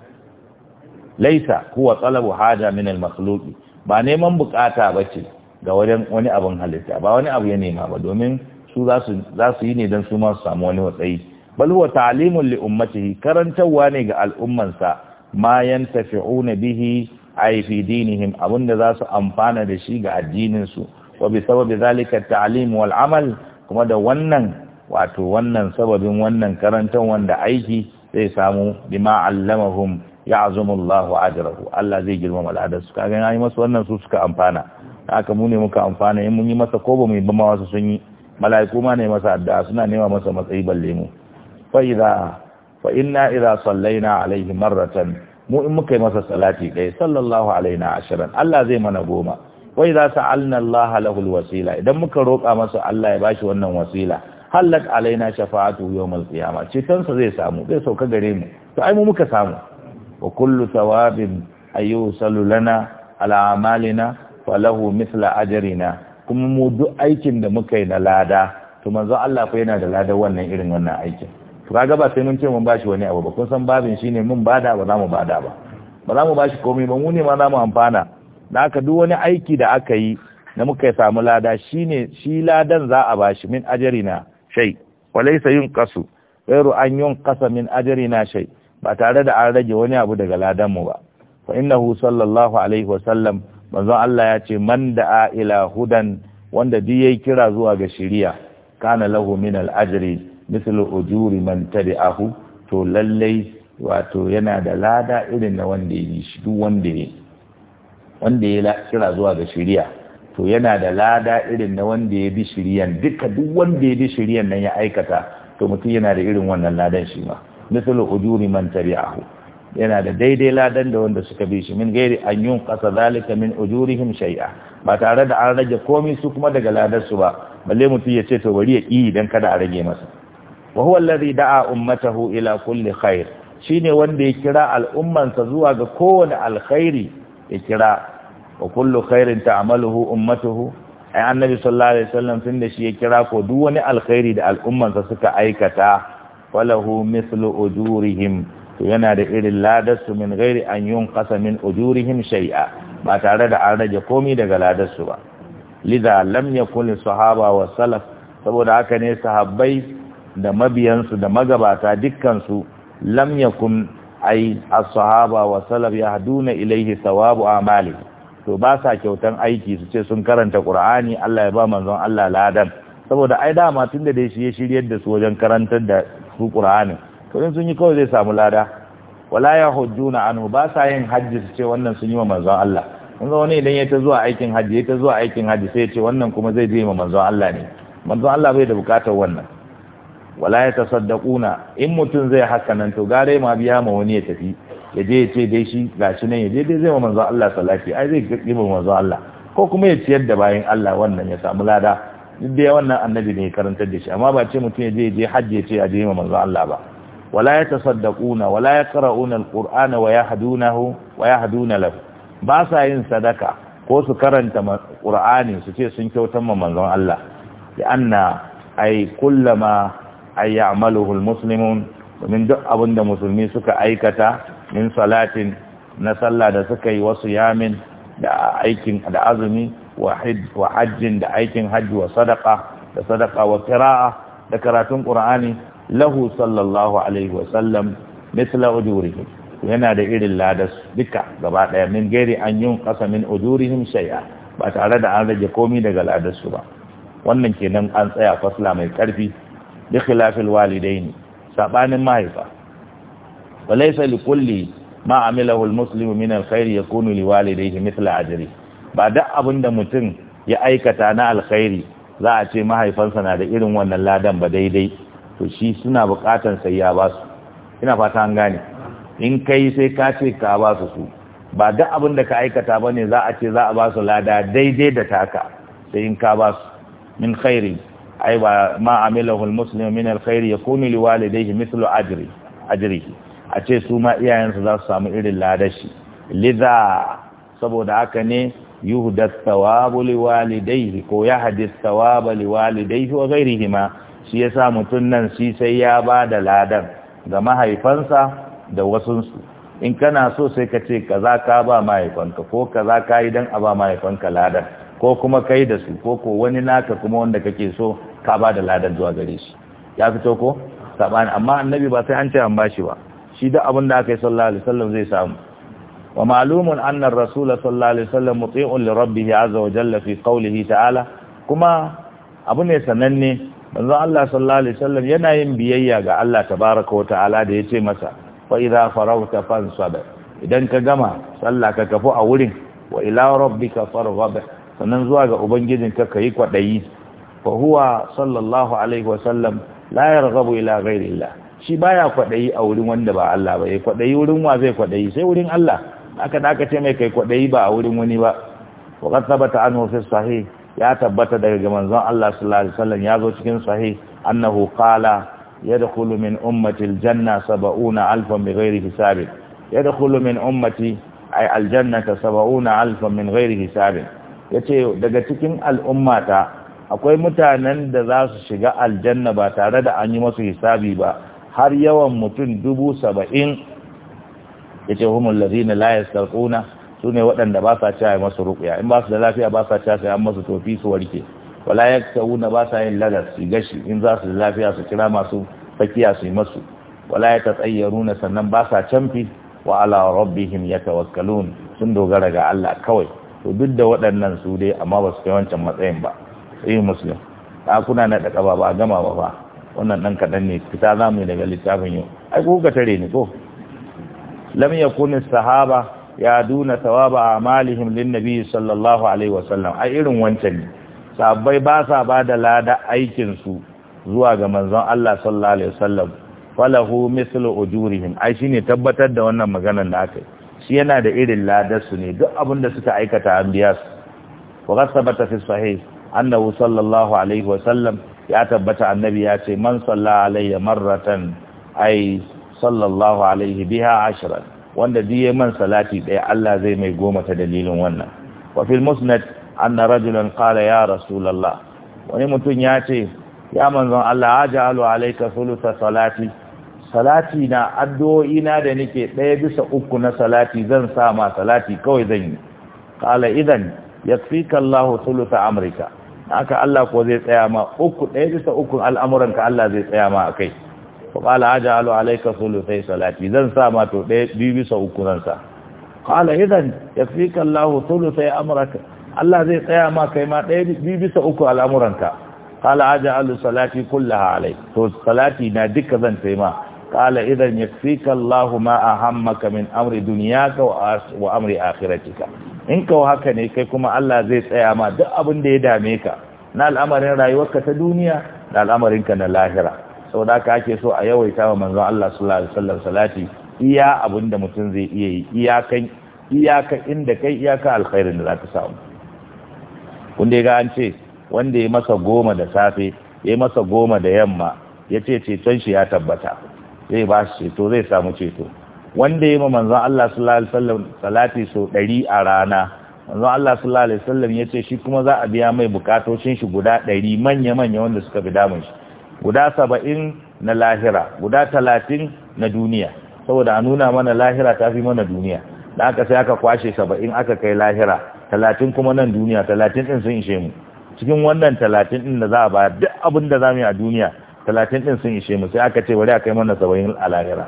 laisa huwa talabu haja min al-makhluq ba neman bukata bace ga wajen wani abun halitta ba wani abu ya nema ba domin su za su yi ne don su ma su samu wani watsayi bal huwa ta'limun li ummatihi karantawa ne ga al'ummansa ma yantafi'una bihi Aifi, fi dinihim abinda za su amfana da shi ga addinin su wa bi sababi zalika ta'lim wal amal kuma da wannan wato wannan sababin wannan karantan wanda aiki zai samu bima allamahum ya'zumu Allahu ajrahu Allah zai girmama al'adar su kaga yayi masa wannan su suka amfana haka mu ne muka amfana in mun yi masa ko ba mu yi ba ma wasu sun yi mala'iku ma ne masa addu'a suna nema masa matsayi balle mu fa idza fa inna idza sallaina alaihi marratan mu in muka yi masa salati ɗaya sallallahu alaina ashirin Allah zai mana goma wai za su alna Allah lahul wasila idan muka roƙa masa Allah ya bashi wannan wasila hallat alaina shafa'atu yawmal qiyama citansa zai samu zai sauka gare mu to ai mu muka samu wa kullu thawabin ayusalu lana ala amalina falahu mithla ajrina kuma mu duk aikin da muka yi na lada to manzo Allah fa yana da lada wannan irin wannan aikin to kaga ba sai mun ce mun bashi wani abu ba kun san babin shine mun bada ba za mu bada ba ba za mu bashi komai ba mu ne ma za mu amfana da aka duk wani aiki da aka yi da muka yi samu lada shine shi ladan za a bashi min ajarina shay laysa yunqasu ghayru an yunqasa min ajarina shai ba tare da an rage wani abu daga ladan mu ba fa innahu sallallahu alaihi wa sallam manzon Allah ya ce man da'a ila hudan wanda duk yayi kira zuwa ga shiriya kana lahu min al-ajri mislu ujuri man tabi'ahu to lallai wato yana da lada irin na wanda ya shi duk wanda ya wanda ya kira zuwa ga shari'a to yana da lada irin na wanda ya bi shari'an duka duk wanda ya bi shari'an nan ya aikata to mutum yana da irin wannan ladan shi ma mislu ujuri man tabi'ahu yana da daidai ladan da wanda suka bi shi min gairi an yun qasa zalika min ujurihim shay'a ba tare da an rage komai su kuma daga su ba balle mutum ya ce to bari ya ƙi idan kada a rage masa wa huwa alladhi da'a ummatahu ila kulli khair shine wanda ya kira al'ummansa zuwa ga kowane alkhairi ya kira wa kullu khairin ta'maluhu ummatuhu ai annabi sallallahu alaihi wasallam tun da shi ya kira ko duk wani alkhairi da al'ummansa suka aikata Falahu, mithlu ujurihim to yana da irin ladarsu min ghairi an yunqasa min ujurihim shay'a ba tare da an rage komai daga ladarsu ba lidha lam yakun sahaba wa salaf saboda haka ne sahabbai da mabiyansu da magabata dukkansu lam yakun ai as-sahaba wa salaf yahduna ilayhi thawabu amali to ba sa kyautan aiki su ce sun karanta qur'ani Allah ya ba manzon Allah ladan saboda ai dama tunda da shi ya shiryar da su wajen karantar da su qur'ani to in sun yi kawai zai samu lada wala yahujjuna anhu ba sa yin hajji su ce wannan sun yi wa manzon Allah kun wani idan ya ta zuwa aikin hajji ya ta zuwa aikin hajji sai ya ce wannan kuma zai je ma manzon Allah ne manzon Allah bai da bukatar wannan wala ya tasaddaquna in mutum zai haka nan to gare ma biya ma wani ya tafi ya je ya ce dai shi gashi nan ya je dai zai wa manzon Allah salati ai zai yi ma manzon Allah ko kuma ya ciyar da bayan Allah wannan ya samu lada duk da wannan annabi ne karantar da shi amma ba ce mutum ya je je hajji ya ce ya je ma manzon Allah ba wala ya tasaddaquna wala ya qara'una alqur'ana wa yahdunahu wa yahduna lahu ba sa yin sadaka ko su karanta qur'ani su ce sun kyautar ma manzon Allah da anna ai kullama ay ya'maluhu musulmin domin duk abin da musulmi suka aikata min salatin na sallah da suka yi wasu yamin da aikin da azumi wa hajjin da aikin hajji wa sadaka da sadaka wa kira'a da karatun qur'ani lahu sallallahu alaihi wa sallam ujurihim yana da irin ladas duka gaba min gairi an yi qasa min ujurihim shay'a ba tare da an rage komai daga ladas su ba wannan kenan an tsaya fasla mai karfi bi khilafil walidaini sabanin mahaifa walaysa li kulli ma amilahu almuslimu min alkhair yakunu li walidayhi mithla ajri ba da abinda mutum ya aikata na alkhairi za a ce mahaifansa na da irin wannan ladan ba daidai to shi suna bukatan sai ya ba su ina fata an gane in kai sai ka ce ka ba su su ba da abinda ka aikata bane za a ce za a ba su lada daidai da taka sai in ka ba su min khairi ai ba ma amilahu almuslimu min alkhairi yakunu liwalidayhi mithlu ajri ajrihi a ce su ma iyayensu za su samu irin ladashi liza saboda haka ne yuhdath thawabu liwalidayhi ko yahdith thawaba liwalidayhi wa ma, shi yasa mutun nan shi sai ya ba da ladan ga mahaifansa da su in kana so sai ka ce kaza ka ba mahaifanka ko kaza ka yi dan a ba mahaifanka ladan ko kuma kai da su ko ko wani naka kuma wanda kake so ka ba da ladan zuwa gare shi ya fito ko sabani amma annabi ba sai an ce an bashi ba shi da abin da aka yi sallallahu alaihi wasallam zai samu wa ma'lumun anna ar-rasul sallallahu alaihi wasallam muti'un li rabbih azza wa jalla fi qawlihi ta'ala kuma abu ne sananne manzo Allah sallallahu alaihi wasallam yana yin biyayya ga Allah tabaaraka wa ta'ala da yace masa fa idza farauta fansab idan ka gama sallah ka kafu a wurin wa ila rabbika farghab sannan zuwa ga ubangijinka ka yi kwaɗayi fa huwa sallallahu alaihi wasallam la yarghabu ila ghairillah shi baya kwaɗayi a wurin wanda ba Allah ba ya kwaɗayi wurin wa zai kwaɗayi sai wurin Allah aka da aka ce mai kai kwaɗayi ba a wurin wani ba wa qad thabata anhu fi sahih ya tabbata daga manzon Allah sallallahu alaihi wasallam ya zo cikin sahih annahu qala yadkhulu min ummati aljanna 70000 bighairi hisab yadkhulu min ummati ay aljannata 70000 min ghairi hisabin. ya ce daga cikin al'ummata akwai mutanen da za su shiga aljanna ba tare da an yi masu hisabi ba har yawan mutum dubu saba'in ya ce humul lazina layas karkuna su ne waɗanda ba sa caya masu rukuya in ba su da lafiya ba sa caya sayan masu tofi su warke wala ya tauna ba sa yin lagas su gashi in za su da lafiya su kira masu tsakiya su yi masu wala ya tsayyaruna sannan ba sa canfi wa ala rabbihim yatawakkalun sun dogara ga Allah kawai to duk da waɗannan su dai amma ba su kai wancan matsayin ba sai muslim kuna na ɗaka ba ba gama ba ba wannan ɗan kaɗan ne fita za mu yi daga littafin yau ai ko ka tare ni ko lam yakun sahaba ya duna thawaba amalihim lin nabi sallallahu alaihi wasallam ai irin wancan ne sahabbai ba sa ba da lada aikin su zuwa ga manzon Allah sallallahu alaihi wasallam falahu mithlu ujurihim ai shine tabbatar da wannan maganar da aka yi shi yana da irin ladarsu ne duk abin da suka aikata an biya su wa qasabata fi sahih annahu sallallahu alaihi wa sallam ya tabbata annabi ya ce man salla alayya marratan ay sallallahu alaihi biha ashran wanda diye man salati ɗaya Allah zai mai goma ta dalilin wannan wa fil musnad anna rajulan qala ya rasulullah wani mutum ya ce ya manzon Allah ajalu alayka thulutha salati salati na addu'o'i na da nake ɗaya bisa uku na salati zan sa ma salati kawai zan yi qala idan yakfika Allah thulutha amrika haka Allah ko zai tsaya ma uku ɗaya bisa uku al'amuran ka Allah zai tsaya ma akai fa qala ajalu alayka thuluthai salati zan sa ma to ɗaya biyu bisa uku zan sa qala idan yakfika Allah thuluthai amrika Allah zai tsaya ma kai ma ɗaya biyu bisa uku al'amuran ka qala ajalu salati kullaha alayka to salati na duka zan tsaya qala idan yakfika Allahu ma ahammaka min amri dunyaka wa amri akhiratika in ka haka ne kai kuma Allah zai tsaya ma duk abin da ya dame ka na al'amarin rayuwarka ta duniya da al'amarinka na lahira saboda ka ake so a yawaita wa manzon Allah sallallahu alaihi wasallam salati iya abin da mutum zai iya yi iya iyaka inda kai iyaka alkhairin da zaka samu kun dai ga an ce wanda ya masa goma da safe ya masa goma da yamma ya ce ceton shi ya tabbata zai ba shi ceto zai samu ceto wanda ya ma manzon Allah sallallahu alaihi wasallam salati so 100 a rana manzon Allah sallallahu alaihi wasallam yace shi kuma za a biya mai bukatocin shi guda 100 manya manya wanda suka bi damun shi guda 70 na lahira guda 30 na duniya saboda a nuna mana lahira ta fi mana duniya da aka sai aka kwashe 70 aka kai lahira 30 kuma nan duniya 30 din sun ishe mu cikin wannan 30 din da za a ba duk abin da mu yi a duniya talatin ɗin sun ishe mu sai aka ce bari a kai mana saba'in a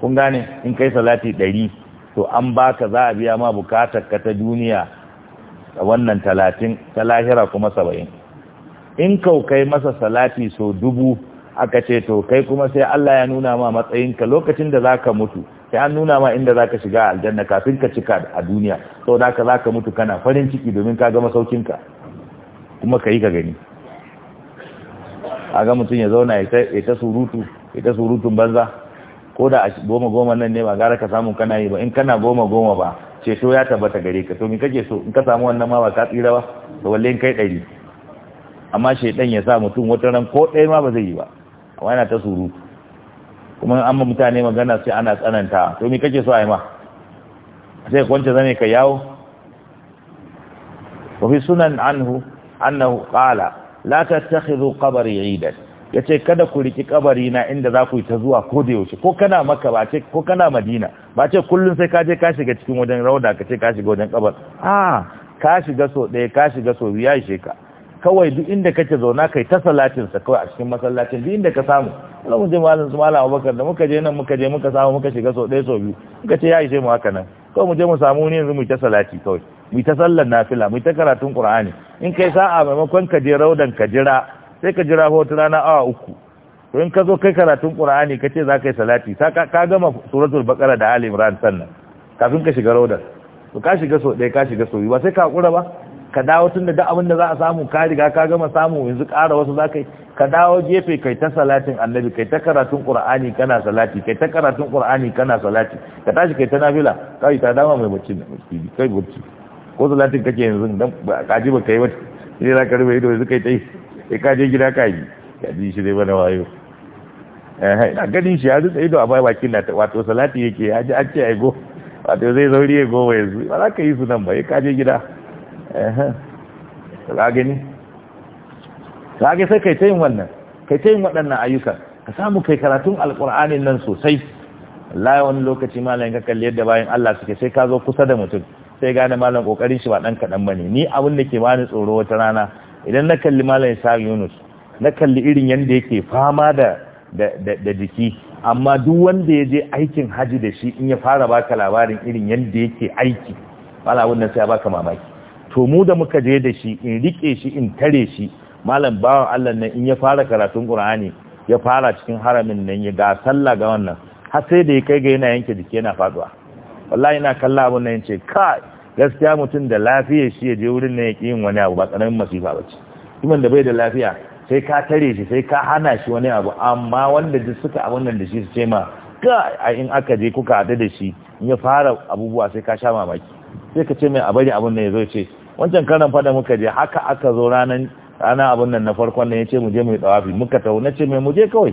kun gane in kai salati ɗari to an baka za a biya ma bukatar ka ta duniya a wannan talatin ta lahira kuma saba'in in kau kai masa salati so dubu aka ce to kai kuma sai Allah ya nuna ma matsayinka lokacin da za ka mutu sai an nuna ma inda za ka shiga aljanna kafin ka cika a duniya Sau da ka za ka mutu kana farin ciki domin ka gama saukinka kuma ka yi ka gani a ga mutum ya zauna ya ta surutu ya ta surutun banza ko da goma goma nan ne ba gara ka samu kana yi ba in kana goma goma ba ceto ya tabbata gare ka to me kake so in ka samu wannan ma ba ka tsira ba to walle in kai ɗari amma shaidan ya sa mutum wata ran ko ɗaya ma ba zai yi ba amma yana ta surutu kuma an ma mutane magana sai ana tsananta to me kake so a yi ma sai kwance zane ka yawo wa fi sunan anhu annahu qala la tattakhidhu qabri idan yace kada ku riki kabari na inda za ku yi ta zuwa ko da yaushe ko kana makka ba ce ko kana madina ba ce kullun sai ka je ka shiga cikin wajen rauda ka ce ka shiga wajen kabar a ka shiga so ɗaya ka shiga so biya ishe ka kawai duk inda kake zauna kai ta salatin sa kawai a cikin masallacin duk inda ka samu Allah mu je malam su malam Abubakar da muka je nan muka je muka samu muka shiga so ɗaya so biyu muka ce ya ishe mu haka nan kawai mu je mu samu ne yanzu mu ta salati kawai mu ta sallar nafila mu ta karatun qur'ani in kai sa'a maimakon ka je raudan ka jira sai ka jira wata rana awa uku to in ka zo kai karatun qur'ani ka ce za ka yi salati ka gama suratul baqara da ali imran sannan kafin ka shiga raudan to ka shiga so ɗaya ka shiga so ba sai ka hakura ba ka dawo tun da abin da za a samu ka riga ka gama samu yanzu ƙara wasu za ka yi ka dawo gefe kai ta salatin annabi kai ta karatun qur'ani kana salati kai ta karatun qur'ani kana salati ka tashi kai ta nafila kai ta dama mai bacci ne kai bacci ko salatin kake yanzu dan kaji ba kai wata sai za ka rubuta ido yanzu kai tai sai ka je gida ka yi ya ji shi dai bana wayo eh na gadin shi ya zuta ido a bai bakin na wato salati yake ya ji an ce ai go wato zai zauri ya goma yanzu ba za ka yi su nan ba ka je gida eh ka gani ka ga sai kai ta yin wannan kai ta yin waɗannan ayyukan ka samu kai karatun alƙur'anin nan sosai Allah wani lokaci malayin ka kalli yadda bayan Allah suke sai ka zo kusa da mutum sai gane malam kokarin shi ba dan kadan bane ni abin da ke bani tsoro wata rana idan na kalli malam Isa Yunus na kalli irin yanda yake fama da da jiki amma duk wanda ya je aikin haji da shi in ya fara baka labarin irin yanda yake aiki malam wannan sai ya baka mamaki to mu da muka je da shi in rike shi in tare shi malam bawan Allah nan in ya fara karatun Qur'ani ya fara cikin haramin nan ya ga sallah ga wannan har sai da ya kai ga yana yanke jiki yana faduwa wallahi ina kalla abun nan yace kai gaskiya mutum da lafiya shi ya je wurin na ya yin wani abu ba tsananin masifa ba ce kuma da bai da lafiya sai ka tare shi sai ka hana shi wani abu amma wanda duk suka abin nan da shi su ce ma ka in aka je kuka hada da shi in ya fara abubuwa sai ka sha mamaki sai ka ce mai abari abun nan ya zo ce wancan karan fada muka je haka aka zo ranan rana abun nan na farkon nan ya ce mu je mu yi dawafi muka tawo na ce mai mu je kawai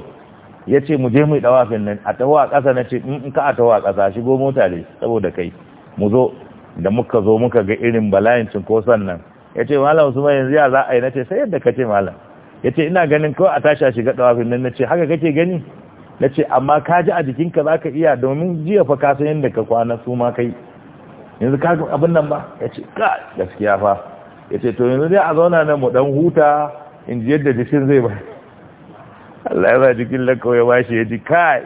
ya ce mu je mu yi dawafin nan a taho a ƙasa na ce mm, in ka a taho a ƙasa shigo mota ne saboda kai mu zo da muka zo muka ga irin bala'incin ko sannan ya ce malam su mai yanzu ya za a yi na ce sai yadda ka ce malam ya ce ina ganin kawai a tashi a shiga ɗawafin nan na ce haka kake gani na ce amma ka ji a jikinka za ka iya domin jiya fa ka san yadda ka kwana su ma kai yanzu ka abin nan ba ya ce ka gaskiya fa ya ce to yanzu dai a zauna nan mu dan huta in ji yadda jikin zai ba Allah ya ba jikin lakau ya bashi ya ji kai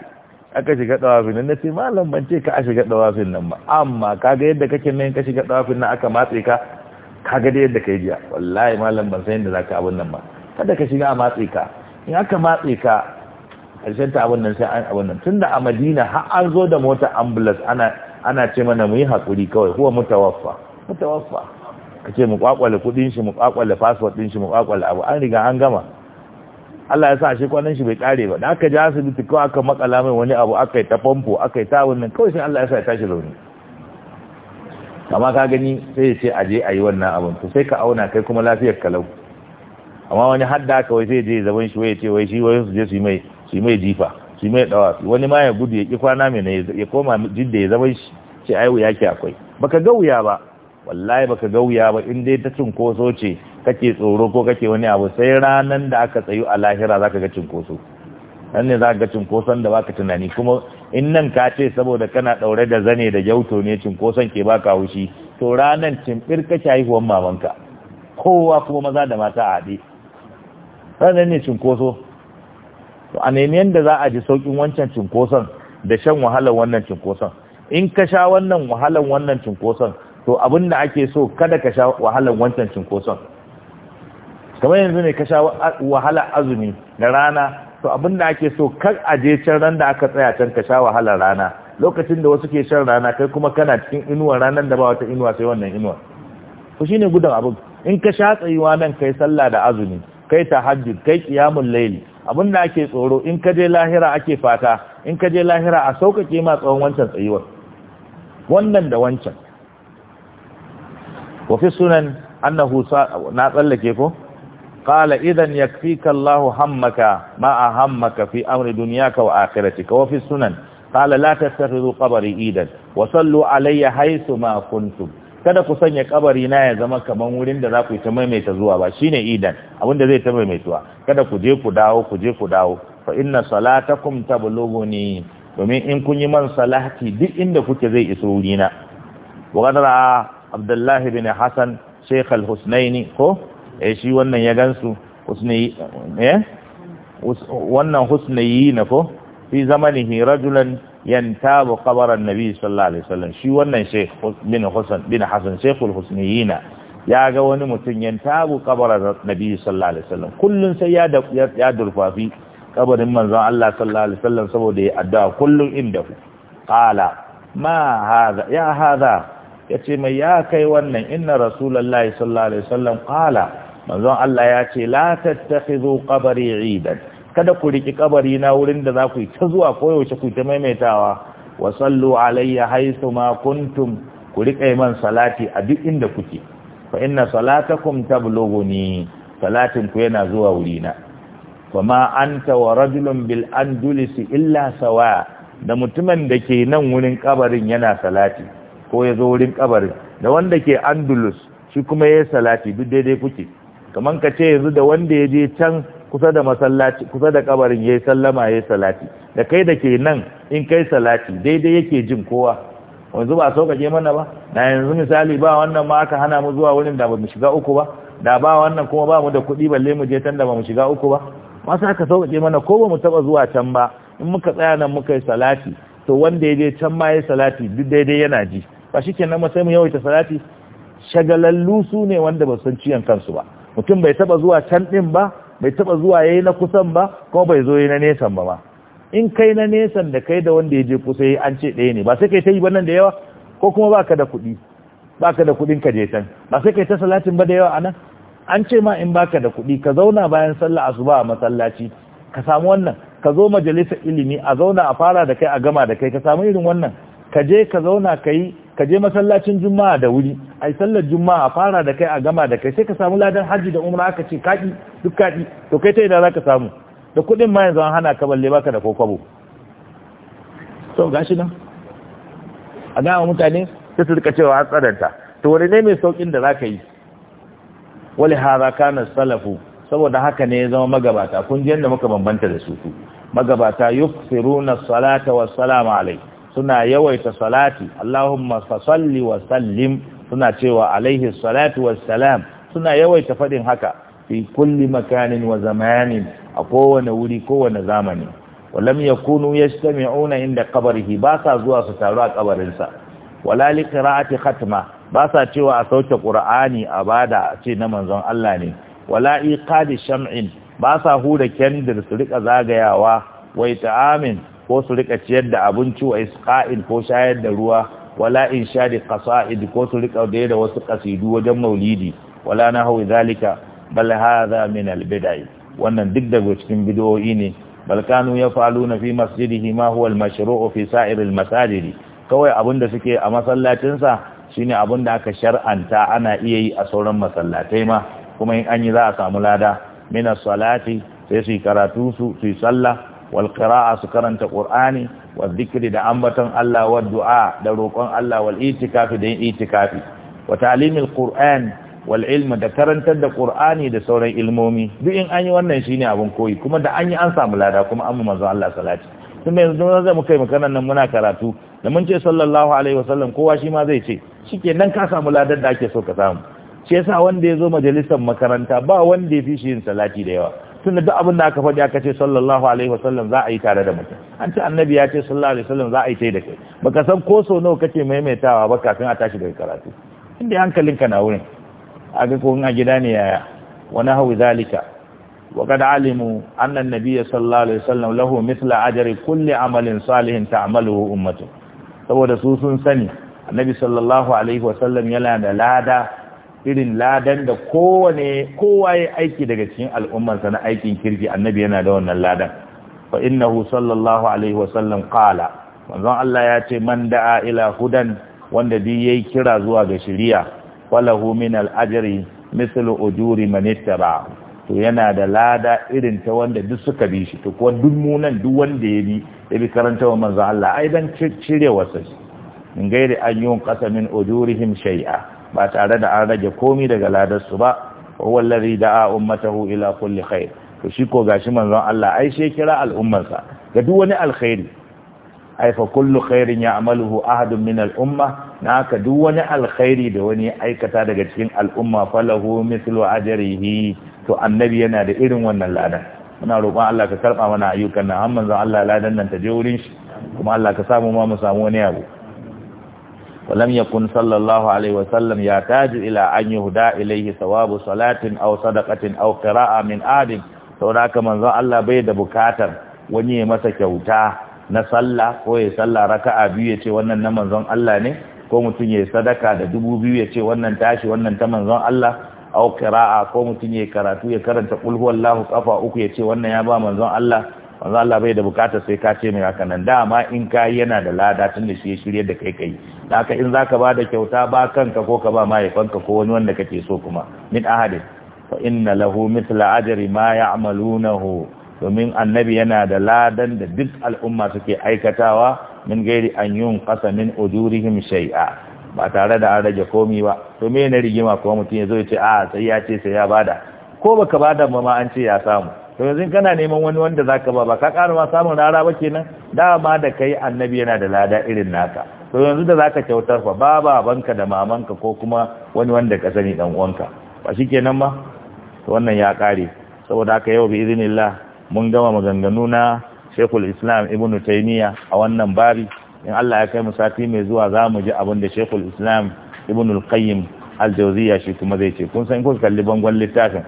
aka shiga dawafin nan nace malam ban ce ka a shiga dawafin nan ba amma kaga yadda kake nan ka shiga dawafin nan aka matse ka kaga da yadda kai jiya wallahi malam ban san yadda zaka abun nan ba kada ka shiga a matse ka in aka matse ka karshen ta abun nan sai an abun nan tunda a Madina har an zo da mota ambulance ana ana ce mana mu yi hakuri kawai huwa mutawaffa mutawaffa kace mu kwakwale kudin shi mu kwakwale password din shi mu kwakwale abu an riga an gama Allah ya sa shi kwanan shi bai kare ba da aka ji asibiti kawai aka makala mai wani abu aka yi ta famfo aka yi ta nan kawai shi Allah ya sa ya tashi zaune amma ka gani sai ya ce a je a yi wannan abin to sai ka auna kai kuma lafiyar kalau amma wani hadda kawai sai je zaban shi waye ce wai shi wai su je su yi mai su yi mai jifa su yi mai dawa wani ma ya gudu ya ki kwana mai ya koma jidda ya zaban shi ce ai wuya ki akwai baka ga wuya ba wallahi baka ga wuya ba in dai ta cunkoso ce kake tsoro ko kake wani abu sai ranan da aka tsayu a lahira zaka ga cinkoso nan ne zaka ga cinkoson da baka tunani kuma in nan ka ce saboda kana daure da zane da jauto ne cinkoson ke baka haushi to ranan cimbir kake haihuwan mamanka kowa kuma maza da mata a haɗe ranan ne cinkoso to a nemi yanda za a ji saukin wancan cinkoson da shan wahalar wannan cinkoson in ka sha wannan wahalar wannan cinkoson to abin da ake so kada ka sha wahalar wancan cinkoson kamar yanzu ne ka sha wahala azumi da rana to abin da ake so kar a je can ran da aka tsaya can ka sha wahalar rana lokacin da wasu ke shan rana kai kuma kana cikin inuwa ranar da ba wata inuwa sai wannan inuwa to shine gudun abin in ka sha tsayuwa nan kai sallah da azumi kai tahajjud kai qiyamul layl abin da ake tsoro in ka je lahira ake fata in ka je lahira a sauƙaƙe ma tsawon wancan tsayuwar wannan da wancan wa fi sunan annahu na tsallake ko قال إذا يكفيك الله fi ما أهمك في أمر دنياك وآخرتك وفي sunan قال لا تتخذوا قبري إيدا وصلوا علي حيث ما كنتم kada ku sanya kabari na ya zama kaman wurin da za ku ta maimaita zuwa ba shine idan abin da zai ta maimaituwa kada ku je ku dawo ku je ku dawo fa inna salatakum tablughuni domin in kun yi man salati duk inda kuke zai iso wurina wa qadara abdullahi bin hasan shaykh al ko eh shi wannan ya gansu eh? wannan husnayi na ko fi zamanihi yan yantabu qabaran nabi sallallahu alaihi wasallam shi wannan sheikh bin Hassan bin husnayi na ya ga wani mutum yan yantabu qabaran nabi sallallahu alaihi wasallam kullum sai ya durfafi kabarin manzon Allah sallallahu alaihi wasallam saboda ya addu'a kullum inda ku qala ma hadha ya hadha yace mai ya kai wannan inna rasulallah sallallahu alaihi wasallam qala manzon Allah ya ce la tattakhidhu qabri eidan kada ku riki kabari na wurin da za ku yi ta zuwa koyaushe ku ta maimaitawa wa sallu alayya haythu ma kuntum ku rike man salati a duk inda kuke fa inna salatakum tablughuni salatin ku yana zuwa wurina kuma anta wa rajulun bil andulus illa sawa da mutumin da ke nan wurin kabarin yana salati ko ya zo wurin kabarin da wanda ke andulus shi kuma yayi salati duk daidai kuke kamar ka ce yanzu da wanda ya je can kusa da masallaci kusa da kabarin yayi sallama yayi salati da kai da ke nan in kai salati daidai yake jin kowa yanzu ba sauƙaƙe mana ba na yanzu misali ba wannan ma aka hana mu zuwa wurin da ba mu shiga uku ba da ba wannan kuma ba mu da kuɗi balle mu je can da ba mu shiga uku ba sa aka sauƙaƙe mana ko ba mu taɓa zuwa can ba in muka tsaya nan muka yi salati to wanda ya je can ma ya salati duk daidai yana ji ba shi kenan ma sai mu yawaita salati shagalallu su ne wanda ba san ciyan kansu ba mutum bai taba zuwa can din ba bai taba zuwa yayi na kusan ba kuma bai zo yayi na nesan ba ma in kai na nesan da kai da wanda ya je kusa yayi an ce ɗaya ne ba sai kai ta yi ba nan da yawa ko kuma baka da kuɗi baka da kuɗin ka je can ba sai kai ta salatin ba da yawa anan an ce ma in baka da kuɗi ka zauna bayan sallah asuba a masallaci ka samu wannan ka zo majalisar ilimi a zauna a fara da kai a gama da kai ka samu irin wannan ka je ka zauna ka yi ka je masallacin juma'a da wuri a yi sallar juma'a fara da kai a gama da kai sai ka samu ladan hajji da umra aka ce kaki duk kaki to kai ta yi za ka samu da kuɗin ma yanzu an hana ka balle baka da kokwabo to gashi nan a dama mutane sai su rika cewa an tsananta to wani ne mai saukin da za ka yi wali hara kana salafu saboda haka ne ya zama magabata kun ji muka bambanta da su magabata yukfiruna salata suna yawaita salati Allahumma salli wa sallim suna cewa alaihi salatu wassalam suna yawaita fadin haka fi kulli makanin wa zamanin a kowane wuri kowane zamani walam yakunu yastami'una inda qabrihi ba sa zuwa su taru a kabarinsa wala li qira'ati khatma ba sa cewa a sauke qur'ani a bada a ce na manzon Allah ne wala iqadi sham'in ba sa huda kendir su rika zagayawa wa ita'amin ko su rika ciyar da abinci wa isqa'in ko shayar da ruwa wala inshadi qasa'id ko su rika da wasu qasidu wajen maulidi wala nahwi zalika bal hadha min al bid'ah wannan duk daga cikin bid'o'i ne bal kanu yaf'aluna fi masjidihi ma huwa al mashru'u fi sa'ir al masajidi kawai abinda suke a masallacinsa shine abinda aka shar'anta ana iya yi a sauran masallatai ma kuma in an yi za a samu lada min as-salati sai su yi karatu su su yi sallah Walƙira'a su karanta ƙur'ani wa zikiri da ambaton Allah wa du'a da roƙon Allah wal itikafi da yin itikafi wa ta'limil qur'an wal ilmi da karantar da ƙur'ani da sauran ilmomi duk in an yi wannan shine abin koyi kuma da an yi an samu lada kuma an mu manzo Allah salati tun bai yanzu zai muka yi makanan nan muna karatu da mun ce sallallahu alaihi wasallam kowa shi ma zai ce nan ka samu ladar da ake so ka samu shi yasa wanda ya zo majalisar makaranta ba wanda ya fi shi yin salati da yawa tunda duk abin da aka faɗi aka ce sallallahu alaihi wasallam za a yi tare da mutum an ce annabi ya ce sallallahu alaihi wasallam za a yi tare da kai baka san ko so nawa kake maimaitawa ba kafin a tashi daga karatu inda hankalinka na wurin a ko a gida ne yaya wani hawi zalika وقد علموا أن النبي صلى الله عليه وسلم له مثل أجر كل عمل صالح تعمله ummatu saboda su sun sani annabi sallallahu alaihi wasallam yana da lada irin ladan da kowane kowa ya aiki daga cikin al'ummarsa na aikin kirki annabi yana da wannan ladan fa innahu sallallahu alaihi wa sallam qala manzon Allah ya ce man da'a ila hudan wanda bi yayi kira zuwa ga shari'a falahu min al-ajri mithlu ujuri man ittaba to yana da lada irin ta wanda duk suka bi shi to kuwa duk munan duk wanda ya bi ya bi karanta wa manzon Allah ai dan cire wasa in gairi an yun qasamin ujurihim shay'a ba tare da an rage komi daga ladarsu ba wa da da'a ummatahu ila kulli khair to shi ko gashi manzon Allah ai she kira al'ummarsa ga duk wani alkhairi ai fa kullu khairin ya'maluhu ahadun min Na naka duk wani alkhairi da wani aikata daga cikin al'umma falahu mithlu ajrihi to annabi yana da irin wannan ladan muna roƙon Allah ka karba mana ayyukan nan har manzon Allah ladan nan ta je wurin shi kuma Allah ka samu ma mu samu wani abu ولم يكن صلى الله عليه وسلم يحتاج إلى أن يهدى إليه ثواب صلاة أو صدقة أو قراءة من آدم سوراك من Allah bai da bukatar wani ya masa kyauta na sallah ko ya sallah raka'a biyu ya ce wannan na manzon Allah ne ko mutum ya sadaka da dubu biyu ya ce wannan tashi wannan ta manzon Allah au qira'a ko mutum ya karatu ya karanta qul huwallahu qafa uku ya ce wannan ya ba manzon Allah manzon Allah bai da bukatar sai ka ce mai haka nan dama in kai yana da lada tun da shi ya shirye da kai kai da in zaka ba da kyauta ba kanka ko ka ba mahaifanka ko wani wanda kake so kuma min ahadin fa inna lahu mithla ajri ma ya'malunahu domin annabi yana da ladan da duk al'umma suke aikatawa min gairi an yun qasamin ujurihim shay'a ba tare da an rage komi ba to me ne rigima ko mutum ya zo ya ce a ah, sai ya ce sai ya bada ko baka bada ba ma an ce ya samu to yanzu kana neman wani wanda zaka ba ba ka karawa samun rara ba kenan dama da kai annabi yana da lada irin naka to yanzu da zaka kyautar fa ba babanka da mamanka ko kuma wani wanda ka sani dan uwanka ba shikenan ba to wannan ya kare saboda haka yau bi idinillah mun gama maganganu na Sheikhul Islam Ibn Taymiyyah a wannan bari in Allah ya kai mu sati mai zuwa za mu ji abin da Sheikhul Islam Ibn Al-Qayyim al jawziyyah shi kuma zai ce kun san kun kalli bangon littafin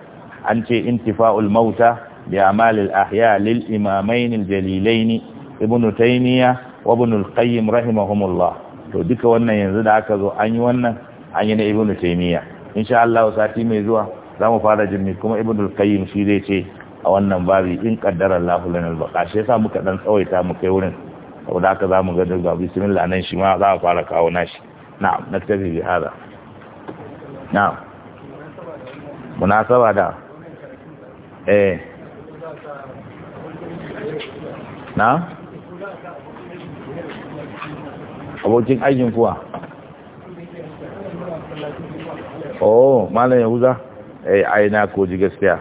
an ce intifa'ul mauta bi amalil ahya lil imamain al-jalilain Ibn Taymiyyah wa ibn al-qayyim rahimahumullah to duka wannan yanzu da aka zo an yi wannan an yi na ibn taimiyya insha Allah sati mai zuwa za mu fara jimmi kuma ibn al shi zai ce a wannan babi in qaddara Allah lana al-baqa shi yasa muka dan tsawaita mu kai wurin saboda haka zamu ga da bismillah nan shi ma za a fara kawo nashi na'am naktabi bi hada na'am munasaba da eh na'am abokin aikin kuwa oh malam yahuza eh aina ko ji gaskiya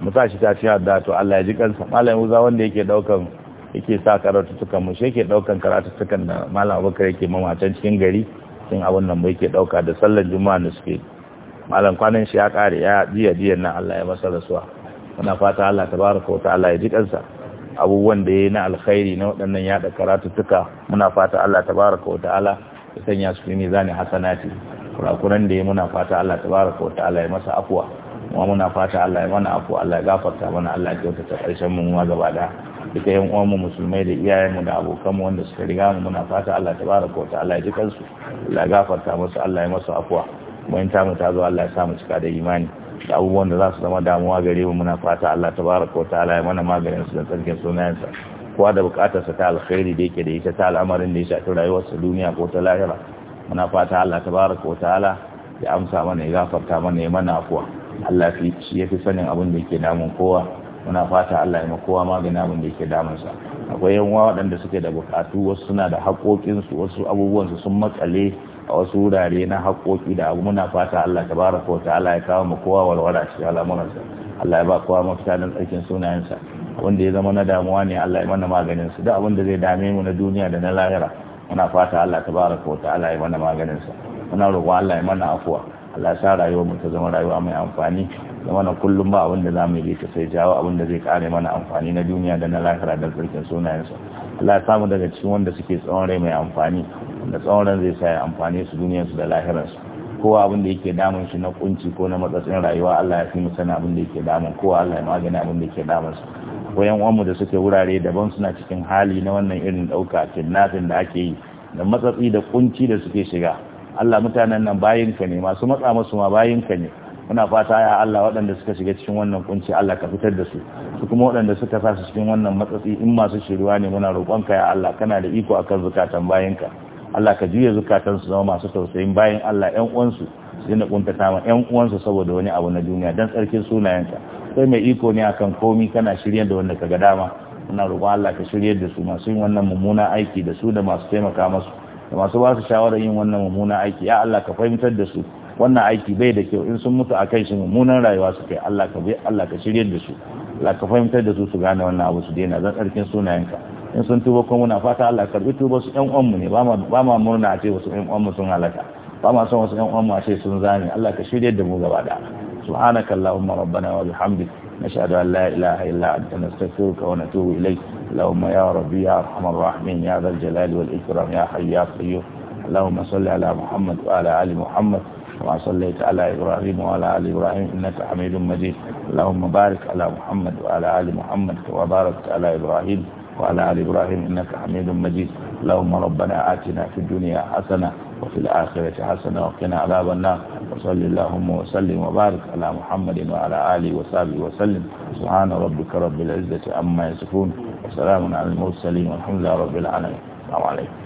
Musa shi ta ci hadda to Allah ya ji kansa malam yahuza wanda yake daukan yake sa karatu tukan mu yake daukan karatu tukan da malam abubakar yake mamatan cikin gari cikin abun nan mai yake dauka da sallar juma'a ne suke malam kwanan shi ya kare ya jiya jiya nan Allah ya masa rasuwa muna fata Allah tabaraka wa ta'ala ya ji kansa abubuwan da ya na alkhairi na waɗannan yaɗa karatuttuka muna fata Allah tabaraka wa ta'ala ya sanya su fi hasana hasanati kurakuran da ya muna fata Allah tabaraka wa ta'ala ya masa afuwa kuma muna fata Allah ya mana afuwa Allah ya gafarta mana Allah ya ta ƙarshen mu ma gaba da duka yan uwan mu musulmai da iyayen mu da abokan mu wanda suka riga mu muna fata Allah tabaraka wa ta'ala ya ji kansu Allah ya gafarta musu Allah ya masa afuwa mu ta mu ta zo Allah ya sa mu cika da imani abubuwan da za su zama damuwa gare mu muna fata Allah baraka wa ta'ala ya mana maganin su da tsarkin sunayensa kowa da bukatarsa ta alkhairi da yake da ita ta al'amarin da ya shafi rayuwarsa duniya ko ta lahira muna fata Allah ta baraka wa ta'ala ya amsa mana ya gafarta mana ya mana afuwa Allah fi shi yafi sanin abin da yake damun kowa muna fata Allah ya ma kowa maganin abin da yake damunsa akwai yan wadanda suke da bukatu wasu suna da su wasu abubuwan su sun matsale a wasu wurare na haƙoƙi da abu muna fata Allah ta ko ta Allah ya kawo mu kowa walwala cikin al'amuransa Allah ya ba kowa mafita don tsarkin sunayensa wanda ya zama na damuwa ne Allah ya mana maganin su duk abin da zai dame mu na duniya da na lahira muna fata Allah ta ko ta Allah ya mana maganin sa muna roƙon Allah ya mana afuwa Allah ya sa rayuwar mu ta zama rayuwa mai amfani zama na kullum ba abin da zamu yi ta sai jawo abin da zai kare mana amfani na duniya da na lahira da tsarkin sunayensa Allah ya samu daga cikin wanda suke tsawon rai mai amfani wanda tsawon ran zai sa amfani su su da lahirarsu kowa abin da yake damun shi na kunci ko na matsatsin rayuwa Allah ya fi mu sana abin da yake damun kowa Allah ya magani abin da yake damun su ko yan da suke wurare daban suna cikin hali na wannan irin dauka kidnapping da ake yi da matsatsi da kunci da suke shiga Allah mutanen nan bayinka ne masu matsa musu ma bayinka ne muna fata ya Allah waɗanda suka shiga cikin wannan kunci Allah ka fitar da su su kuma waɗanda suka sa su cikin wannan matsatsi in masu shiruwa ne muna roƙonka ya Allah kana da iko akan zukatan bayanka Allah ka juya zukatan su zama masu tausayin bayan Allah ƴan uwansu su kunta ta ma ƴan uwansu saboda wani abu na duniya dan tsarkin sunayenka sai mai iko ne akan komi kana shirye da wanda ka ga dama muna roƙon Allah ka shiryar da su masu yin wannan mummunan aiki da su da masu taimaka masu da masu ba su shawarar yin wannan mummunan aiki ya Allah ka fahimtar da su wannan aiki bai da kyau in sun mutu a kai shi mummunan rayuwa su kai Allah ka bai Allah ka shirye da su Allah ka fahimtar da su su gane wannan abu su daina zan tsarkin sunayenka in sun tuba kuma muna fata Allah karbi tuba su ƴan uwanmu ne ba ma murna a ce wasu ƴan uwanmu sun halaka ba ma son wasu ƴan uwanmu a ce sun zane Allah ka shirye da mu gaba da subhanaka allahumma rabbana wa bihamdika نشهد أن لا إله إلا أنت نستغفرك ونتوب إليك اللهم يا ربي يا أرحم الراحمين يا ذا الجلال والإكرام يا حي يا قيوم اللهم صل على محمد وعلى آل محمد كما صليت على إبراهيم وعلى آل إبراهيم إنك حميد مجيد اللهم بارك على محمد وعلى آل محمد كما باركت على إبراهيم وعلى آل إبراهيم إنك حميد مجيد اللهم ربنا آتنا في الدنيا حسنة وفي الآخرة حسنة وقنا عذاب النار وصل اللهم وسلم وبارك على محمد وعلى آله وصحبه وسلم سبحان ربك رب العزة عما يصفون وسلام على المرسلين والحمد لله رب العالمين السلام عليكم